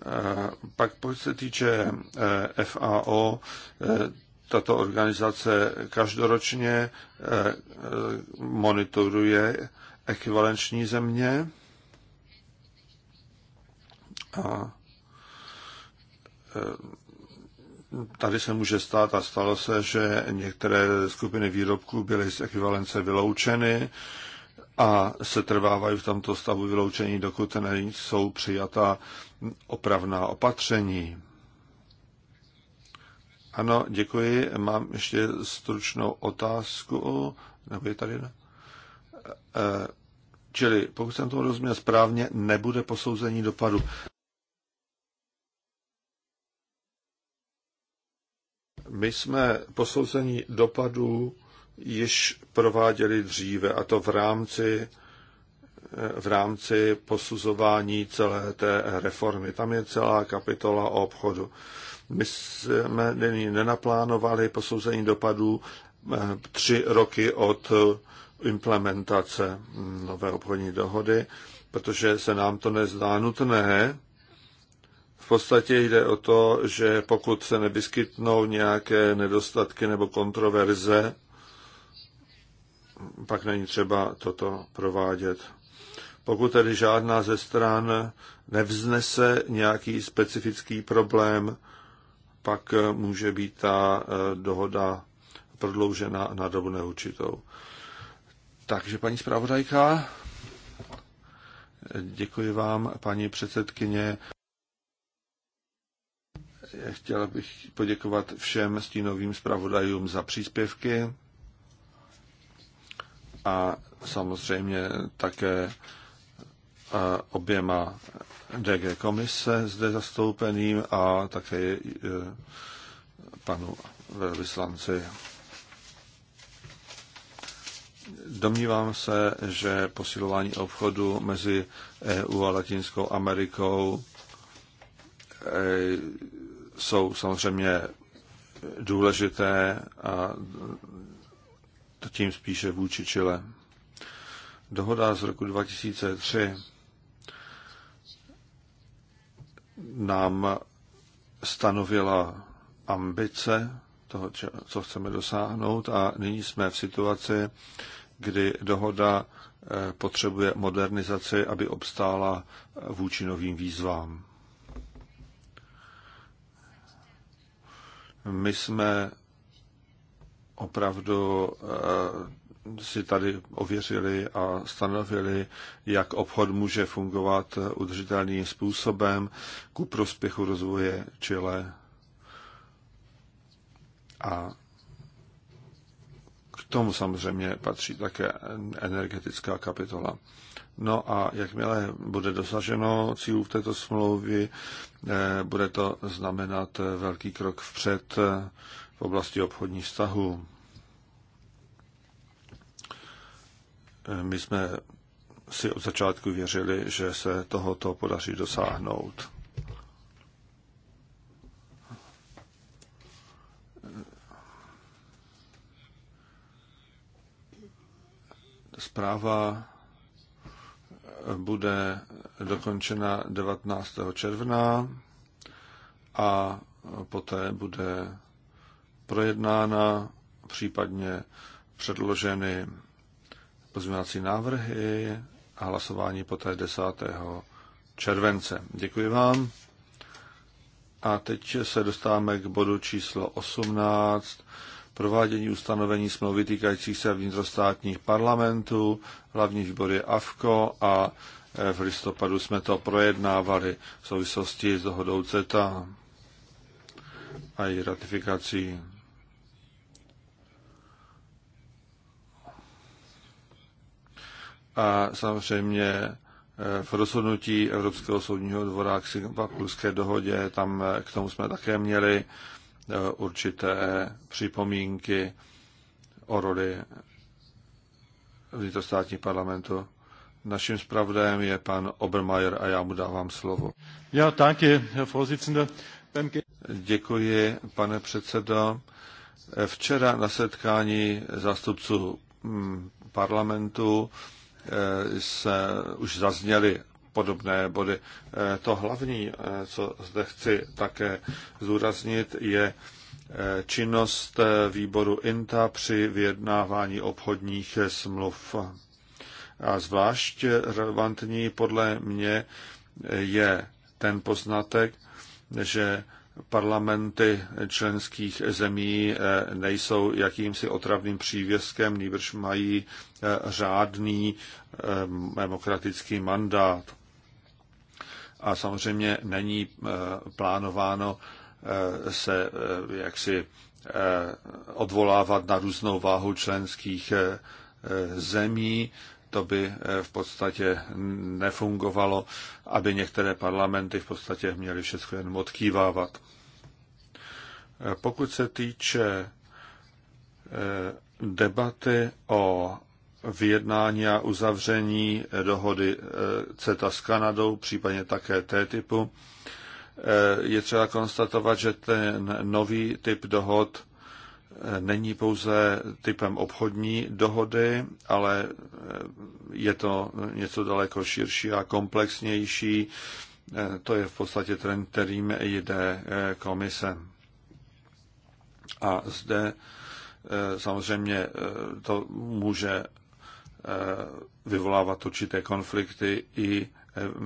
Eh, pak pokud se týče eh, FAO, eh, tato organizace každoročně monitoruje ekvivalenční země a tady se může stát a stalo se, že některé skupiny výrobků byly z ekvivalence vyloučeny a se trvávají v tomto stavu vyloučení, dokud jsou přijata opravná opatření. Ano, děkuji. Mám ještě stručnou otázku. Nebo je tady? Eh, čili, pokud jsem to rozuměl správně, nebude posouzení dopadu. My jsme posouzení dopadu již prováděli dříve, a to v rámci, v rámci posuzování celé té reformy. Tam je celá kapitola o obchodu. My jsme nyní nenaplánovali posouzení dopadů eh, tři roky od implementace nové obchodní dohody, protože se nám to nezdá nutné. V podstatě jde o to, že pokud se nevyskytnou nějaké nedostatky nebo kontroverze, pak není třeba toto provádět. Pokud tedy žádná ze stran nevznese nějaký specifický problém, pak může být ta eh, dohoda prodloužena na dobu neurčitou. Takže paní zpravodajka, děkuji vám, paní předsedkyně. Chtěla bych poděkovat všem stínovým zpravodajům za příspěvky a samozřejmě také eh, oběma DG komise zde zastoupeným a také eh, panu velvyslanci. Domnívám se, že posilování obchodu mezi EU a Latinskou Amerikou eh, jsou samozřejmě důležité a tím spíše vůči Chile. Dohoda z roku 2003 nám stanovila ambice toho, co chceme dosáhnout a nyní jsme v situaci, kdy dohoda eh, potřebuje modernizaci, aby obstála eh, vůči novým výzvám. My jsme opravdu eh, si tady ověřili a stanovili, jak obchod může fungovat udržitelným způsobem ku prospěchu rozvoje Chile. A k tomu samozřejmě patří také energetická kapitola. No a jakmile bude dosaženo cílů v této smlouvě, eh, bude to znamenat velký krok vpřed eh, v oblasti obchodních vztahů. My jsme si od začátku věřili, že se tohoto podaří dosáhnout. Zpráva bude dokončena 19. června a poté bude projednána, případně předloženy pozměňovací návrhy a hlasování poté 10. července. Děkuji vám. A teď se dostáváme k bodu číslo 18. Provádění ustanovení smlouvy týkajících se vnitrostátních parlamentů, hlavní výbory AFKO a eh, v listopadu jsme to projednávali v souvislosti s dohodou CETA a její ratifikací. a samozřejmě eh, v rozhodnutí Evropského soudního dvora k Singapurské dohodě, tam eh, k tomu jsme také měli eh, určité připomínky o roli vnitrostátních parlamentů. Naším zpravodajem je pan Obermeier a já mu dávám slovo. Já taky, Vorsitzender. Děkuji, pane předsedo. Včera na setkání zástupců mm, parlamentu Eh, se už zazněly podobné body. Eh, to hlavní, eh, co zde chci také zúraznit, je činnost výboru INTA při vyjednávání obchodních smluv. A zvlášť relevantní podle mě je ten poznatek, že parlamenty členských zemí eh, nejsou jakýmsi otravným přívěskem, nýbrž mají eh, řádný eh, demokratický mandát. A samozřejmě není plánováno se jaksi odvolávat na různou váhu členských zemí, to by eh, v podstatě nefungovalo, aby některé parlamenty v podstatě měly všechno jen odkývávat. Eh, pokud se týče eh, debaty o vyjednání a uzavření dohody CETA s Kanadou, případně také T-typu, je třeba konstatovat, že ten nový typ dohod není pouze typem obchodní dohody, ale e, je to něco daleko širší a komplexnější. E, to je v podstatě trend, kterým jde e, komise. A zde samozřejmě to může vyvolávat určité konflikty i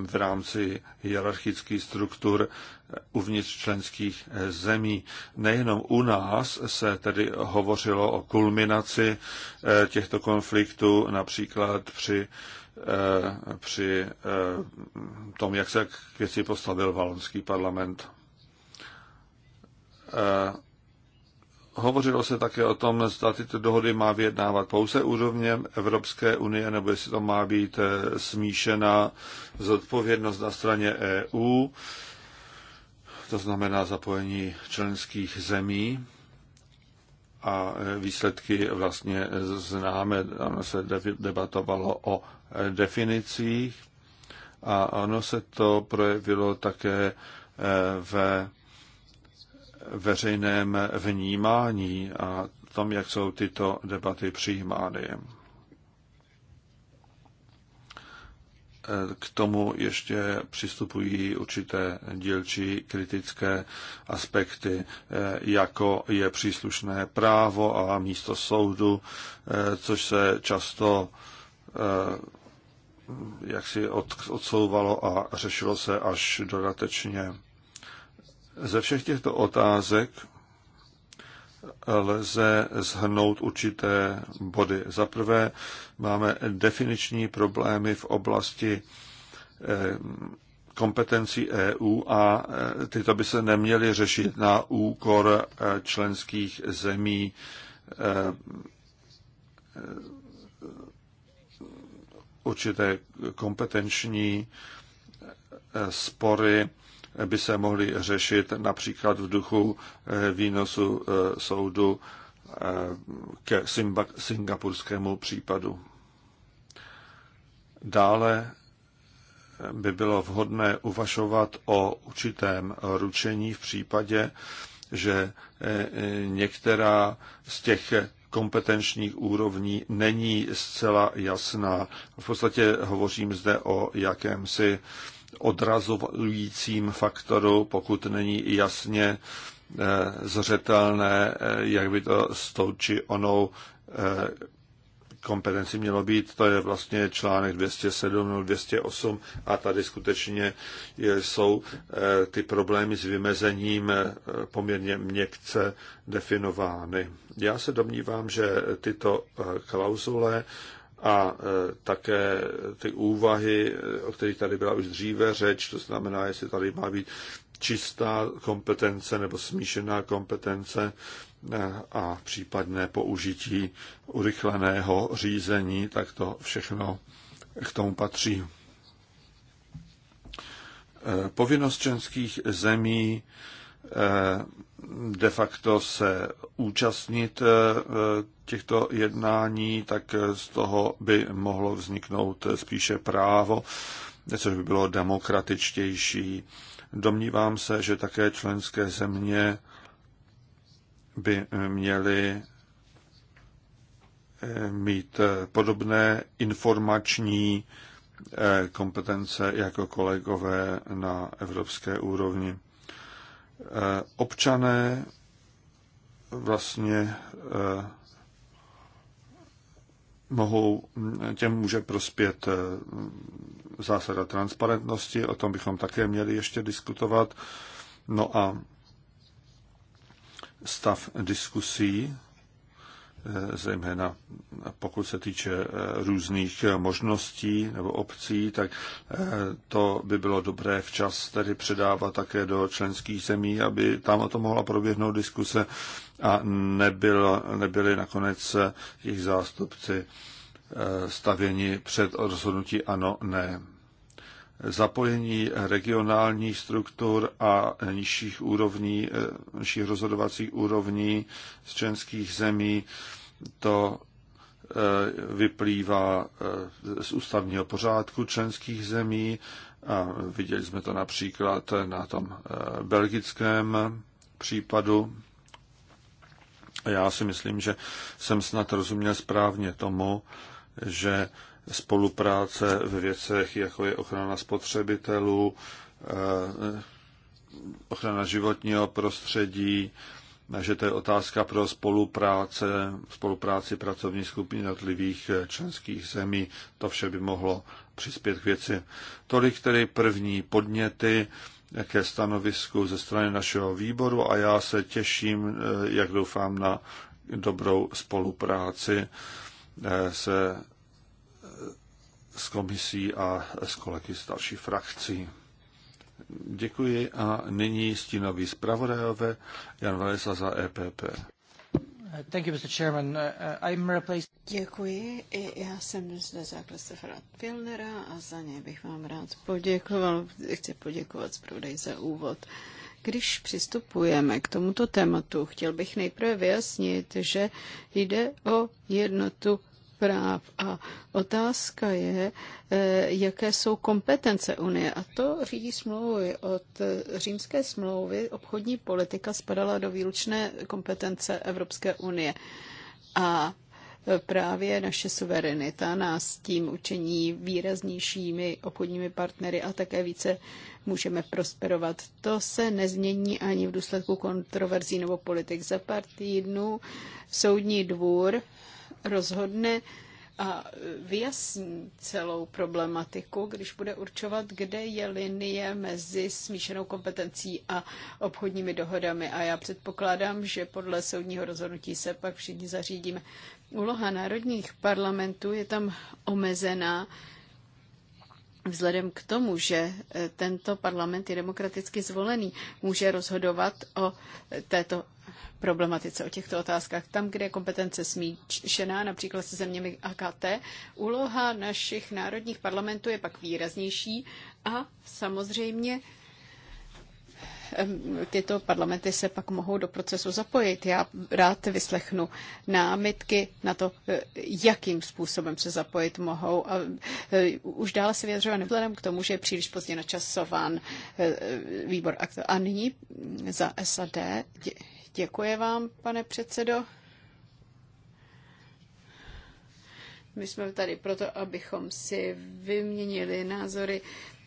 v rámci hierarchických struktur uvnitř členských zemí. Nejenom u nás se tedy hovořilo o kulminaci eh, těchto konfliktů, například při eh, při eh, tom, jak se k věci postavil valonský parlament. Hovořilo se také o tom, zda tyto dohody má vyjednávat pouze úrovně Evropské unie, nebo jestli to má být eh, smíšena zodpovědnost na straně EU, to znamená zapojení členských zemí. A eh, výsledky vlastně známe, tam se debatovalo o eh, definicích a ono se to projevilo také ve veřejném vnímání a tom, jak jsou tyto debaty přijímány. K tomu ještě přistupují určité dílčí kritické aspekty, jako je příslušné právo a místo soudu, což se často eh, jaksi odsouvalo a řešilo se až dodatečně. Ze všech těchto otázek lze zhrnout určité body. Za prvé máme definiční problémy v oblasti eh, kompetencí EU a eh, tyto by se neměly řešit na úkor eh, členských zemí určité kompetenční spory by se mohly řešit například v duchu eh, výnosu eh, soudu eh, ke singapurskému případu. Dále by bylo vhodné uvažovat o určitém ručení v případě, že některá z těch kompetenčních úrovní není zcela jasná. V podstatě hovořím zde o jakémsi eh, odrazujícím faktoru, pokud není jasně eh, zřetelné, eh, jak by to s tou či onou eh, kompetenci mělo být, to je vlastně článek 207 nebo 208 a tady skutečně jsou ty problémy s vymezením poměrně měkce definovány. Já se domnívám, že tyto klauzule a e, také ty úvahy, e, o kterých tady byla už dříve řeč, to znamená, jestli tady má být čistá kompetence nebo smíšená kompetence e, a případné použití urychleného řízení, tak to všechno k tomu patří. Povinnost členských zemí Eh, de facto se účastnit eh, těchto jednání, tak z toho by mohlo vzniknout spíše právo, což by bylo demokratičtější. Domnívám se, že také členské země by měly eh, mít podobné informační kompetence jako kolegové na evropské úrovni. Eh, občané vlastně eh, mohou, těm může prospět eh, zásada transparentnosti, o tom bychom také měli ještě diskutovat. No a stav diskusí Eh, zejména pokud se týče eh, různých možností nebo obcí, tak eh, to by bylo dobré včas tedy předávat také do členských zemí, aby tam o tom mohla proběhnout diskuse a nebyl, nebyli nakonec jejich zástupci stavěni před rozhodnutí ano, ne zapojení regionálních struktur a nižších úrovní, nižších rozhodovacích úrovní z členských zemí, to eh, vyplývá eh, z ústavního pořádku členských zemí a viděli jsme to například na tom eh, belgickém případu. Já si myslím, že jsem snad rozuměl správně tomu, že spolupráce ve věcech, jako je ochrana spotřebitelů, eh, ochrana životního prostředí, že to je otázka pro spolupráce, spolupráci pracovní skupiny jednotlivých eh, členských zemí. To vše by mohlo přispět k věci. Tolik tedy první podněty ke stanovisku ze strany našeho výboru a já se těším, eh, jak doufám, na dobrou spolupráci se s komisí a s kolegy z další frakcí. Děkuji a nyní stínový zpravodajové Jan Valesa za EPP. Thank you, Mr. Chairman. Uh, uh, I'm replaced... Děkuji. Já jsem zde za Kristofera Pilnera a za něj bych vám rád poděkoval. Chci poděkovat zpravodaj za úvod. Když přistupujeme k tomuto tématu, chtěl bych nejprve vyjasnit, že jde o jednotu práv. A otázka je, eh, jaké jsou kompetence Unie. A to řídí smlouvy. Od eh, římské smlouvy obchodní politika spadala do výlučné kompetence Evropské unie. A eh, právě naše suverenita nás tím učení výraznějšími obchodními partnery a také více můžeme prosperovat. To se nezmění ani v důsledku kontroverzí nebo politik. Za pár týdnů soudní dvůr rozhodne a vyjasní celou problematiku, když bude určovat, kde je linie mezi smíšenou kompetencí a obchodními dohodami. A já předpokládám, že podle soudního rozhodnutí se pak všichni zařídíme. Úloha národních parlamentů je tam omezená vzhledem k tomu, že e, tento parlament je demokraticky zvolený, může rozhodovat o e, této problematice, o těchto otázkách. Tam, kde je kompetence smíšená, například se zeměmi AKT, úloha našich národních parlamentů je pak výraznější a samozřejmě Ehm, tyto parlamenty se pak mohou do procesu zapojit. Já rád vyslechnu námitky na to, eh, jakým způsobem se zapojit mohou. A eh, už dále se vyjadřovat vzhledem k tomu, že je příliš pozdě načasován eh, výbor. A nyní za SAD. Děkuji vám, pane předsedo. My jsme tady proto, abychom si vyměnili názory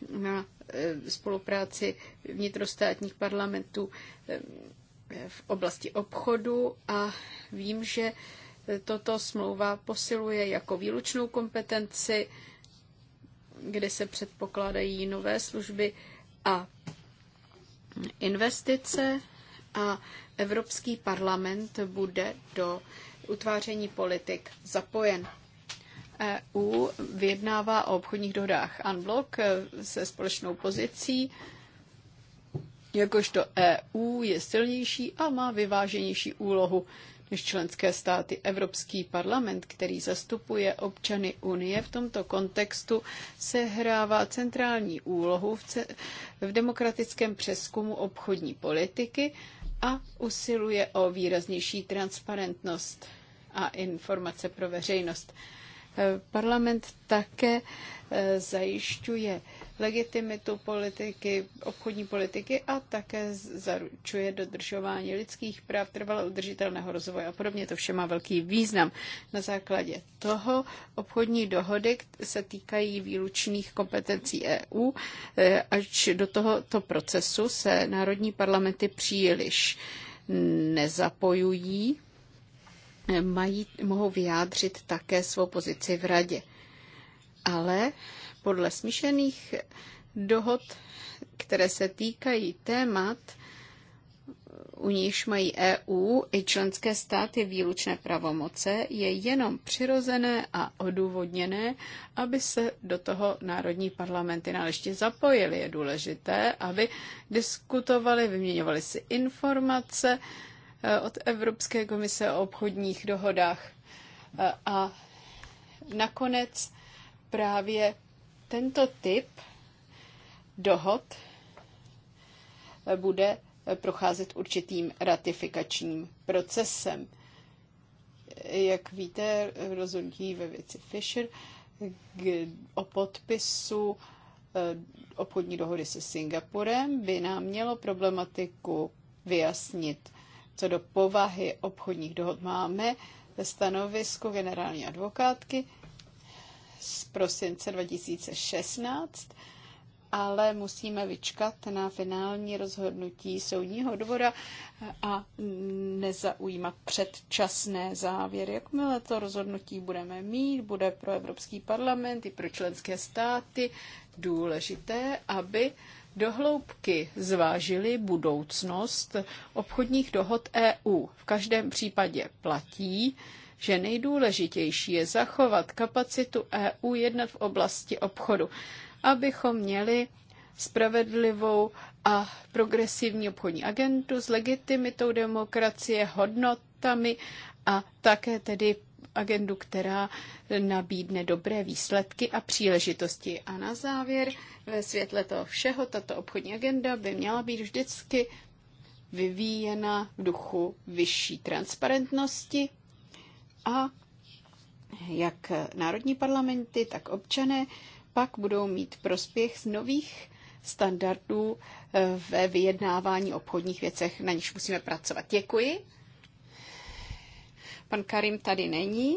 na e, spolupráci vnitrostátních parlamentů e, v oblasti obchodu a vím, že toto smlouva posiluje jako výlučnou kompetenci, kde se předpokládají nové služby a investice a Evropský parlament bude do utváření politik zapojen. EU vyjednává o obchodních dohodách Unblock e, se společnou pozicí, jakožto EU je silnější a má vyváženější úlohu než členské státy. Evropský parlament, který zastupuje občany Unie v tomto kontextu, sehrává centrální úlohu v, ce- v demokratickém přeskumu obchodní politiky a usiluje o výraznější transparentnost a informace pro veřejnost. Parlament také eh, zajišťuje legitimitu politiky, obchodní politiky a také zaručuje dodržování lidských práv, trvalého udržitelného rozvoje a podobně. To vše má velký význam. Na základě toho obchodní dohody se týkají výlučných kompetencí EU, eh, až do tohoto procesu se národní parlamenty příliš nezapojují mají, mohou vyjádřit také svou pozici v radě. Ale podle smíšených dohod, které se týkají témat, u níž mají EU i členské státy výlučné pravomoce, je jenom přirozené a odůvodněné, aby se do toho národní parlamenty náležitě zapojili, Je důležité, aby diskutovali, vyměňovali si informace, Eh, od Evropské komise o obchodních dohodách. Eh, a nakonec právě tento typ dohod eh, bude procházet určitým ratifikačním procesem. Jak víte, rozhodnutí ve věci Fisher o podpisu obchodní dohody se Singapurem by nám mělo problematiku vyjasnit co do povahy obchodních dohod máme ve stanovisku generální advokátky z prosince 2016, ale musíme vyčkat na finální rozhodnutí soudního dvora a nezaujímat předčasné závěry. Jakmile to rozhodnutí budeme mít, bude pro Evropský parlament i pro členské státy důležité, aby dohloubky zvážili budoucnost obchodních dohod EU. V každém případě platí, že nejdůležitější je zachovat kapacitu EU jednat v oblasti obchodu, abychom měli spravedlivou a progresivní obchodní agentu s legitimitou demokracie, hodnotami a také tedy agendu, která nabídne dobré výsledky a příležitosti. A na závěr, ve světle toho všeho, tato obchodní agenda by měla být vždycky vyvíjena v duchu vyšší transparentnosti a jak národní parlamenty, tak občané pak budou mít prospěch z nových standardů eh, ve vyjednávání obchodních věcech, na nich musíme pracovat. Děkuji. Pan Karim tady není.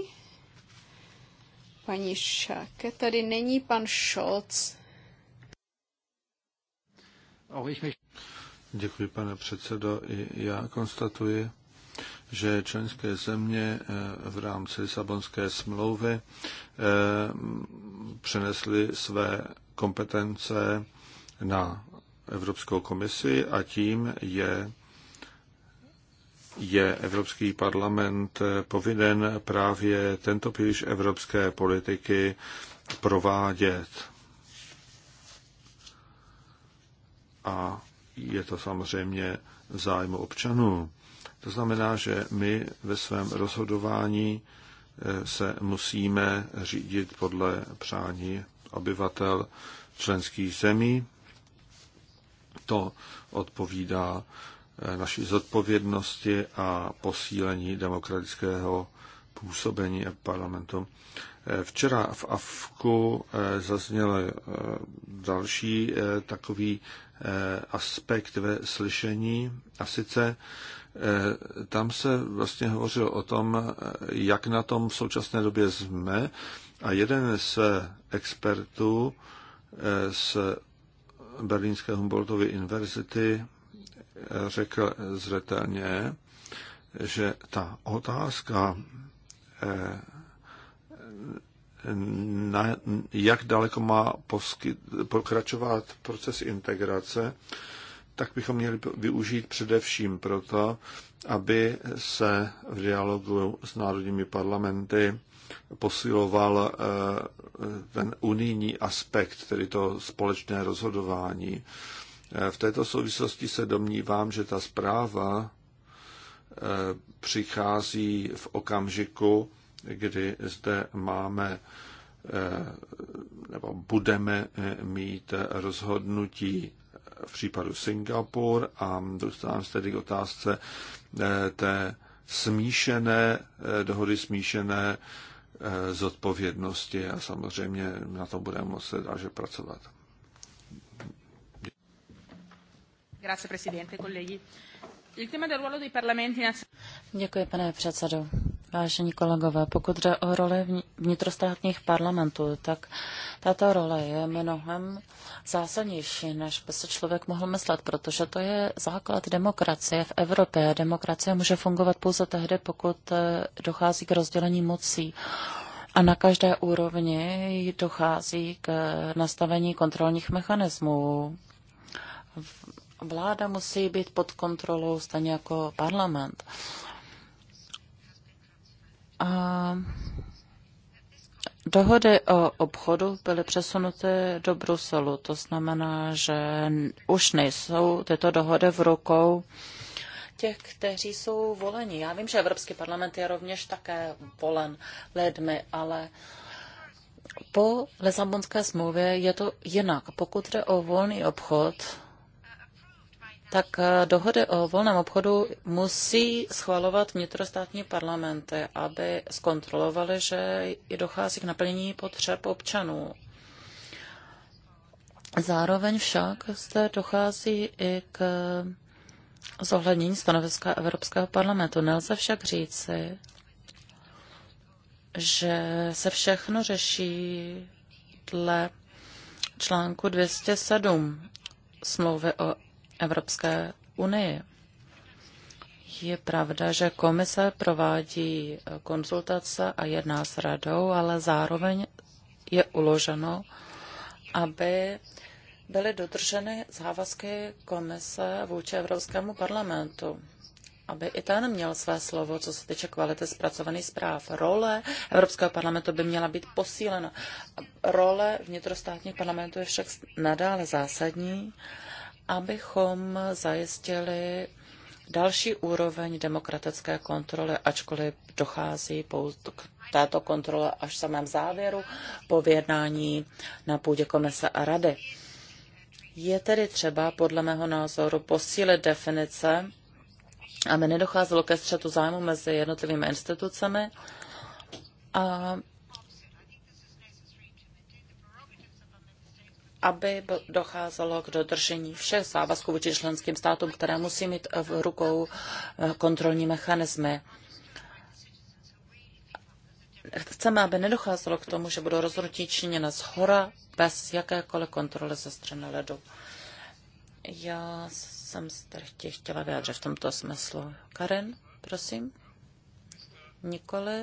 Paní Šáke tady není. Pan Scholz. Děkuji, pane předsedo. Já konstatuji, že členské země eh, v rámci Lisabonské smlouvy eh, přenesly své kompetence na Evropskou komisi a tím je je Evropský parlament povinen právě tento pilíř evropské politiky provádět. A je to samozřejmě v zájmu občanů. To znamená, že my ve svém rozhodování eh, se musíme řídit podle přání obyvatel členských zemí. To odpovídá Eh, naší zodpovědnosti a posílení demokratického působení parlamentu. Eh, včera v AFKu eh, zazněl další takový aspekt ve slyšení a sice tam se vlastně hovořilo o tom, jak na tom v současné době jsme a jeden z expertů z Berlínské Humboldtovy univerzity řekl zřetelně, že ta otázka, eh, jak daleko má pokračovat proces integrace, tak bychom měli využít především proto, aby se v dialogu s národními parlamenty posiloval eh, ten unijní aspekt, tedy to společné rozhodování. V této souvislosti se domnívám, že ta zpráva eh, přichází v okamžiku, kdy zde máme eh, nebo budeme eh, mít rozhodnutí v případu Singapur a dostávám se tedy k otázce té smíšené, dohody smíšené zodpovědnosti a samozřejmě na to budeme muset až pracovat. Grazie, presidente, colleghi. Il tema del ruolo dei parlamenti Děkuji, pane předsedo. Vážení kolegové, pokud jde o roli vnitrostátních parlamentů, tak tato role je mnohem zásadnější, než by se člověk mohl myslet, protože to je základ demokracie v Evropě. Demokracie může fungovat pouze tehdy, pokud eh, dochází k rozdělení mocí. A na každé úrovni dochází k eh, nastavení kontrolních mechanismů Vláda musí být pod kontrolou stejně jako parlament. A Dohody o obchodu byly přesunuty do Bruselu, to znamená, že už nejsou tyto dohody v rukou těch, kteří jsou voleni. Já vím, že Evropský parlament je rovněž také volen lidmi, ale po Lisabonské smlouvě je to jinak. Pokud jde o volný obchod, tak eh, dohody o volném obchodu musí schvalovat vnitrostátní parlamenty, aby zkontrolovali, že i dochází k naplnění potřeb občanů. Zároveň však zde dochází i k zohlednění stanoviska Evropského parlamentu. Nelze však říci, že se všechno řeší dle článku 207 smlouvy o Evropské unii. Je pravda, že komise provádí konzultace a jedná s radou, ale zároveň je uloženo, aby byly dodrženy závazky komise vůči Evropskému parlamentu aby i ten měl své slovo, co se týče kvality zpracovaných zpráv. Role Evropského parlamentu by měla být posílena. Role vnitrostátních parlamentů je však nadále zásadní abychom zajistili další úroveň demokratické kontroly, ačkoliv dochází k této kontrole až v samém závěru po vyjednání na půdě komise a rady. Je tedy třeba, podle mého názoru, posílit definice, aby nedocházelo ke střetu zájmu mezi jednotlivými institucemi a aby docházelo k dodržení všech závazků vůči členským státům, které musí mít v rukou eh, kontrolní mechanismy. Chceme, aby nedocházelo k tomu, že budou rozhodnutí činěna z hora bez jakékoliv kontroly ze strany ledu. Já jsem se tě chtěla vyjádřit v tomto smyslu. Karen, prosím. Nikoli.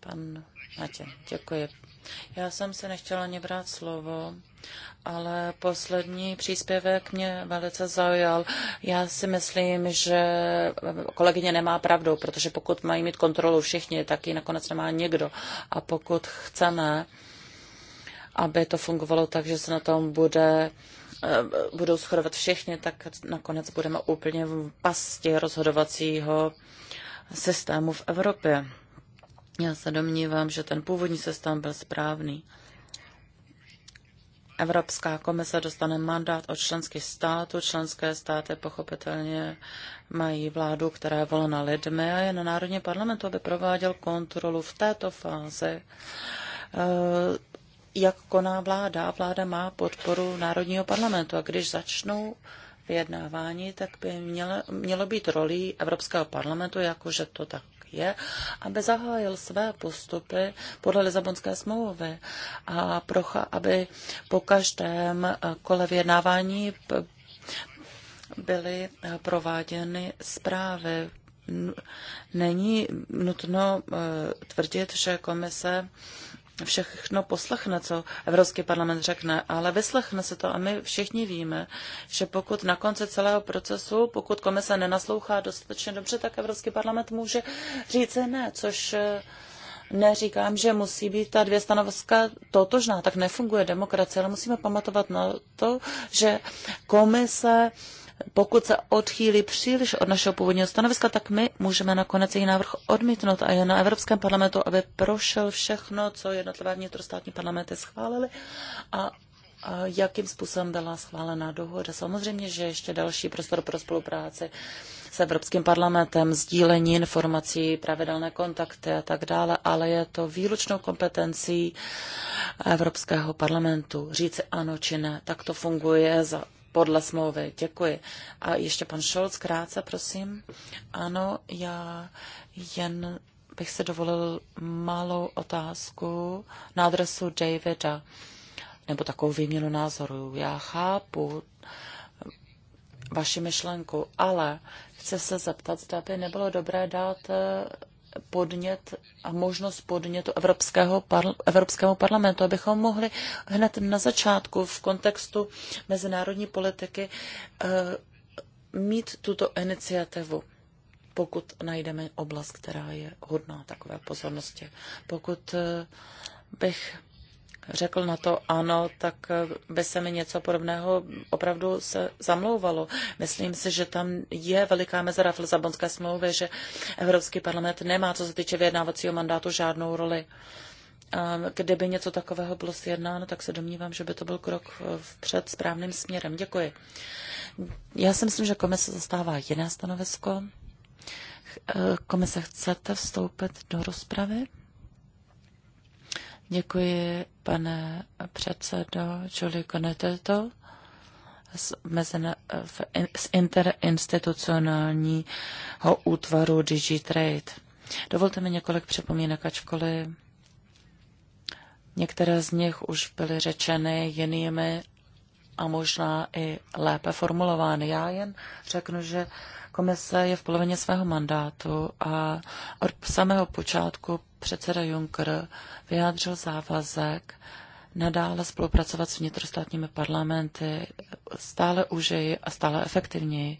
Pan Matěj, děkuji. Já jsem se nechtěla ani brát slovo, ale poslední příspěvek mě velice zaujal. Já si myslím, že kolegyně nemá pravdu, protože pokud mají mít kontrolu všichni, tak ji nakonec nemá nikdo. A pokud chceme, aby to fungovalo tak, že se na tom bude eh, budou shodovat všichni, tak nakonec budeme úplně v pasti rozhodovacího systému v Evropě. Já se domnívám, že ten původní systém byl správný. Evropská komise dostane mandát od členských států. Členské státy pochopitelně mají vládu, která je volena lidmi a je na Národní parlamentu, aby prováděl kontrolu v této fázi. Eh, jak koná vláda? Vláda má podporu Národního parlamentu a když začnou vyjednávání, tak by mělo, mělo být rolí Evropského parlamentu, jakože to tak je, aby zahájil své postupy podle Lizabonské smlouvy a procha, aby po každém eh, kole vyjednávání byly eh, prováděny zprávy. Není nutno eh, tvrdit, že komise všechno poslechne, co Evropský parlament řekne, ale vyslechne se to a my všichni víme, že pokud na konci celého procesu, pokud komise nenaslouchá dostatečně dobře, tak Evropský parlament může říct ne, což eh, neříkám, že musí být ta dvě stanoviska totožná, tak nefunguje demokracie, ale musíme pamatovat na to, že komise pokud se odchýlí příliš od našeho původního stanoviska, tak my můžeme nakonec její návrh odmítnout a je na Evropském parlamentu, aby prošel všechno, co jednotlivé vnitrostátní parlamenty schválili a a jakým způsobem byla schválená dohoda. Samozřejmě, že ještě další prostor pro spolupráci s Evropským parlamentem, sdílení informací, pravidelné kontakty a tak dále, ale je to výlučnou kompetencí Evropského parlamentu říci ano či ne. Tak to funguje za podle smlouvy. Děkuji. A ještě pan Scholz, krátce, prosím. Ano, já jen bych se dovolil malou otázku na adresu Davida, nebo takovou výměnu názorů. Já chápu vaši myšlenku, ale chci se zeptat, zda by nebylo dobré dát eh, podnět a možnost podnětu Evropského parl- Evropskému parlamentu, abychom mohli hned na začátku v kontextu mezinárodní politiky eh, mít tuto iniciativu, pokud najdeme oblast, která je hodná takové pozornosti. Pokud eh, bych řekl na to ano, tak by se mi něco podobného opravdu se zamlouvalo. Myslím si, že tam je veliká mezera v Lisabonské smlouvě, že Evropský parlament nemá, co se týče vyjednávacího mandátu, žádnou roli. Kdyby něco takového bylo sjednáno, tak se domnívám, že by to byl krok před správným směrem. Děkuji. Já si myslím, že komise zastává jiné stanovisko. Eh, komise, chcete vstoupit do rozpravy? Děkuji, pane předsedo Julie Koneteto z, mezina, z interinstitucionálního útvaru DigiTrade. Dovolte mi několik připomínek, ačkoliv některé z nich už byly řečeny jinými a možná i lépe formulovány. Já jen řeknu, že komise je v polovině svého mandátu a od samého počátku předseda Juncker vyjádřil závazek nadále spolupracovat s vnitrostátními parlamenty stále užeji a stále efektivněji.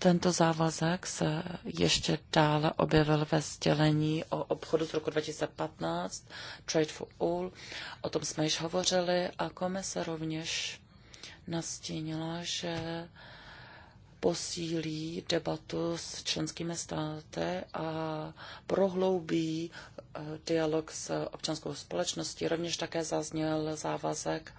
Tento závazek se ještě dále objevil ve sdělení o obchodu z roku 2015, Trade for All. O tom jsme již hovořili a komise rovněž nastínila, že posílí debatu s členskými státy a prohloubí eh, dialog s občanskou společností. Rovněž také zazněl závazek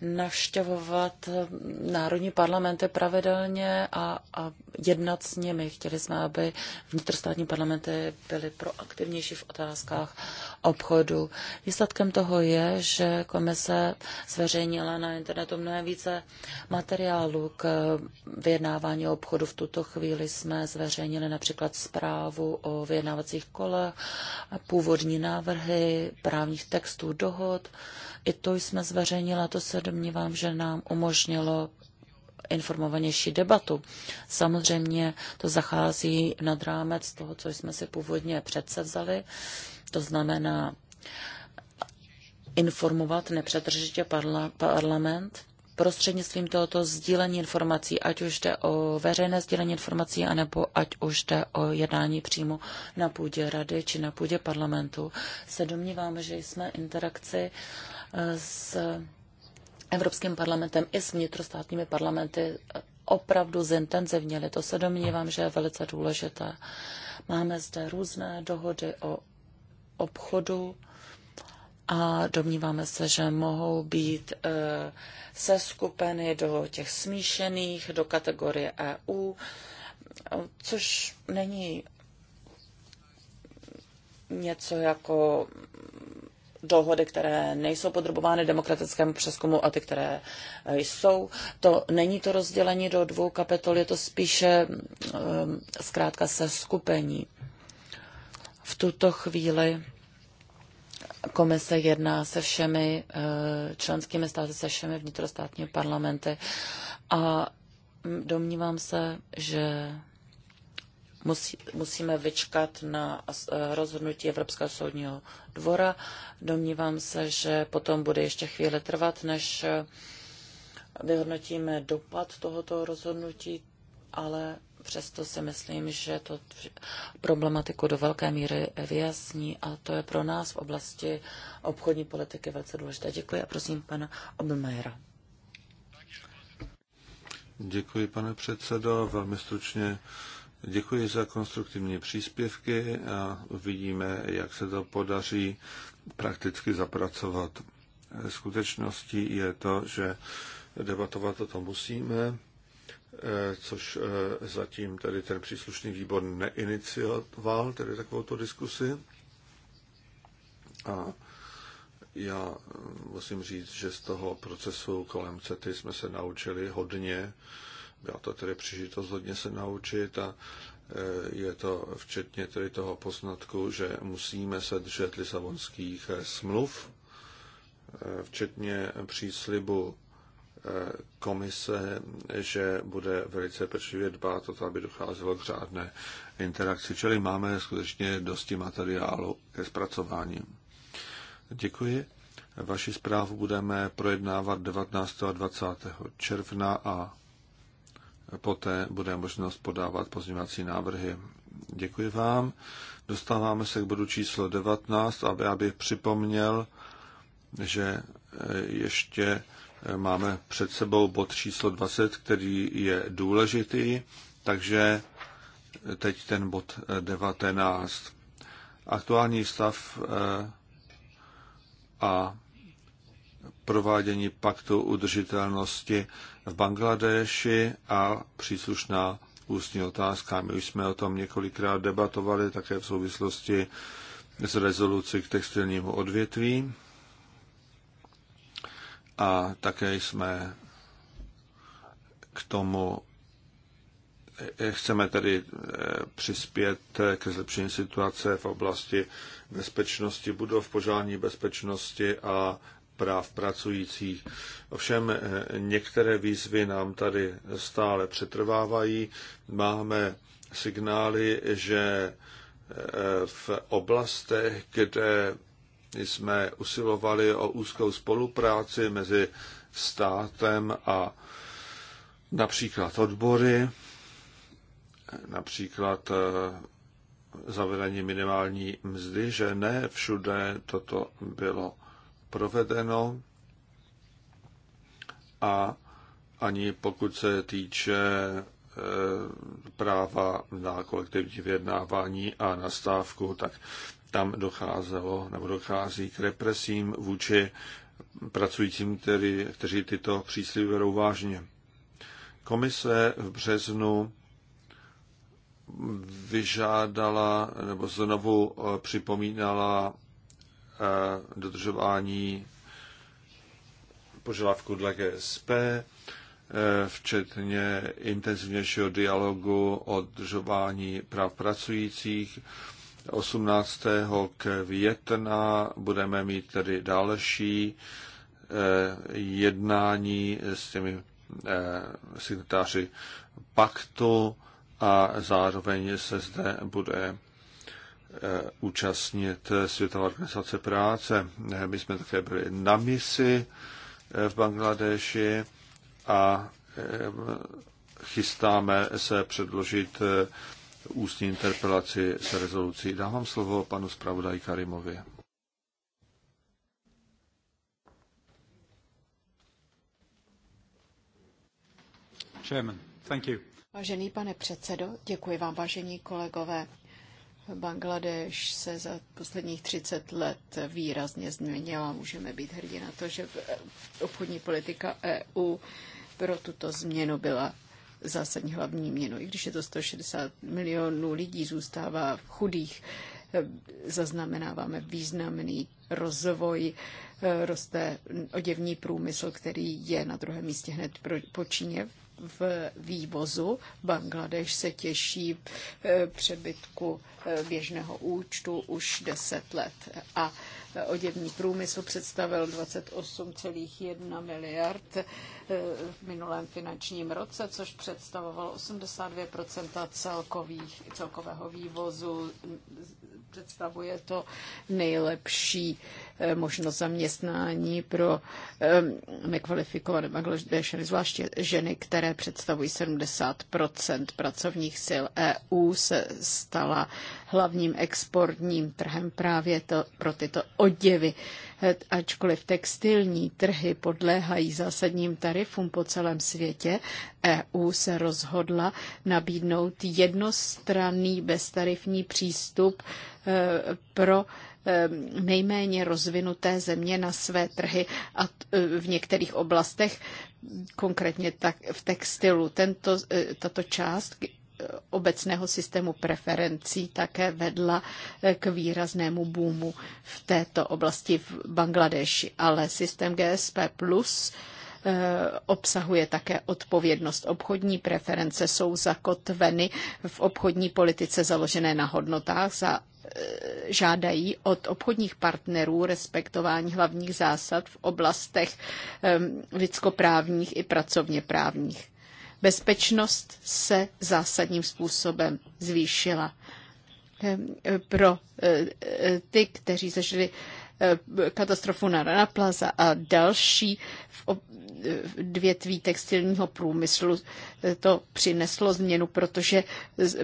navštěvovat eh, národní parlamenty pravidelně a, a jednat s nimi. Chtěli jsme, aby vnitrostátní parlamenty byly proaktivnější v otázkách obchodu. Výsledkem toho je, že komise zveřejnila na internetu mnohem více materiálu k eh, vyjednávání obchodu. V tuto chvíli jsme zveřejnili například zprávu o vyjednávacích kolech, původní návrhy právních textů dohod, i to jsme zveřejnili a to se domnívám, že nám umožnilo informovanější debatu. Samozřejmě to zachází nad rámec toho, co jsme si původně předsevzali, to znamená informovat nepřetržitě parla, parlament prostřednictvím tohoto sdílení informací, ať už jde o veřejné sdílení informací, anebo ať už jde o jednání přímo na půdě rady či na půdě parlamentu, se domníváme, že jsme interakci uh, s Evropským parlamentem i s vnitrostátními parlamenty opravdu zintenzivněli. To se domnívám, že je velice důležité. Máme zde různé dohody o obchodu a domníváme se, že mohou být e, seskupeny do těch smíšených, do kategorie EU, což není něco jako dohody, které nejsou podrobovány demokratickému přeskumu a ty, které eh, jsou. To není to rozdělení do dvou kapitol, je to spíše ehm, zkrátka se skupení. V tuto chvíli komise jedná se všemi eh, členskými státy, se všemi vnitrostátními parlamenty a hm, domnívám se, že musí, musíme vyčkat na eh, rozhodnutí Evropského soudního dvora. Domnívám se, že potom bude ještě chvíli trvat, než eh, vyhodnotíme dopad tohoto rozhodnutí, ale přesto si myslím, že to problematiku do velké míry vyjasní a to je pro nás v oblasti obchodní politiky velice důležité. Děkuji a prosím pana Oblmajera. Děkuji, pane předsedo. Velmi stručně Děkuji za konstruktivní příspěvky a uvidíme, jak se to podaří prakticky zapracovat. Skutečností je to, že debatovat o tom musíme, eh, což eh, zatím tedy ten příslušný výbor neinicioval, tedy takovou tu diskusi. A já musím říct, že z toho procesu kolem CETY jsme se naučili hodně, byla to tedy příležitost hodně se naučit a e, je to včetně tedy toho poznatku, že musíme se držet lisabonských e, smluv, e, včetně příslibu komise, že bude velice pečlivě dbát o to, aby docházelo k řádné interakci. Čili máme skutečně dosti materiálu ke zpracování. Děkuji. Vaši zprávu budeme projednávat 19. a 20. června a poté bude možnost podávat pozměňovací návrhy. Děkuji vám. Dostáváme se k bodu číslo 19, aby abych připomněl, že e, ještě e, máme před sebou bod číslo 20, který je důležitý, takže e, teď ten bod 19. Aktuální stav a provádění paktu udržitelnosti v Bangladeši a příslušná ústní otázka. My už jsme o tom několikrát debatovali také v souvislosti s rezoluci k textilnímu odvětví a také jsme k tomu eh, chceme tedy eh, přispět k zlepšení situace v oblasti bezpečnosti budov, požární bezpečnosti a práv pracujících. Ovšem eh, některé výzvy nám tady stále přetrvávají. Máme signály, že eh, v oblastech, kde jsme usilovali o úzkou spolupráci mezi státem a například odbory, například eh, zavedení minimální mzdy, že ne všude toto bylo provedeno a ani pokud se týče eh, práva na kolektivní vyjednávání a na stávku, tak tam docházelo nebo dochází k represím vůči pracujícím, který, kteří tyto přísliby berou vážně. Komise v březnu vyžádala nebo znovu eh, připomínala dodržování požadavku dle GSP, e, včetně intenzivnějšího dialogu o dodržování práv pracujících. 18. května budeme mít tedy další e, jednání s těmi e, signatáři paktu a zároveň se zde bude Eh, účastnit Světové organizace práce. Eh, my jsme také byli na misi eh, v Bangladeši a chystáme se předložit ústní interpelaci s rezolucí. Dávám slovo panu zpravodaji Karimovi. Chairman, thank you. Vážený pane předsedo, děkuji vám, vážení kolegové. Bangladeš se za posledních 30 let výrazně změnila. Můžeme být hrdí na to, že eh, obchodní politika EU pro tuto změnu byla zásadní hlavní měnu. I když je to 160 milionů lidí, zůstává v chudých, eh, zaznamenáváme významný rozvoj, eh, roste oděvní průmysl, který je na druhém místě hned po Číně v vývozu. Bangladeš se těší eh, přebytku eh, běžného účtu už 10 let a eh, oděvní průmysl představil 28,1 miliard v minulém finančním roce, což představovalo 82 celkových, celkového vývozu Představuje to nejlepší eh, možnost zaměstnání pro eh, nekvalifikované Bangladešany, zvláště ženy, které představují 70 pracovních sil EU, se stala hlavním exportním trhem právě to, pro tyto oděvy. Ačkoliv textilní trhy podléhají zásadním tarifům po celém světě, EU se rozhodla nabídnout jednostranný beztarifní přístup e, pro e, nejméně rozvinuté země na své trhy a e, v některých oblastech, konkrétně tak v textilu. Tento, tato část obecného systému preferencí také vedla eh, k výraznému boomu v této oblasti v Bangladeši. Ale systém GSP Plus eh, obsahuje také odpovědnost. Obchodní preference jsou zakotveny v obchodní politice založené na hodnotách, za eh, žádají od obchodních partnerů respektování hlavních zásad v oblastech lidskoprávních i pracovněprávních bezpečnost se zásadním způsobem zvýšila. Ehm, e, pro e, e, ty, kteří zažili katastrofu na Rana Plaza a další v tví textilního průmyslu to přineslo změnu, protože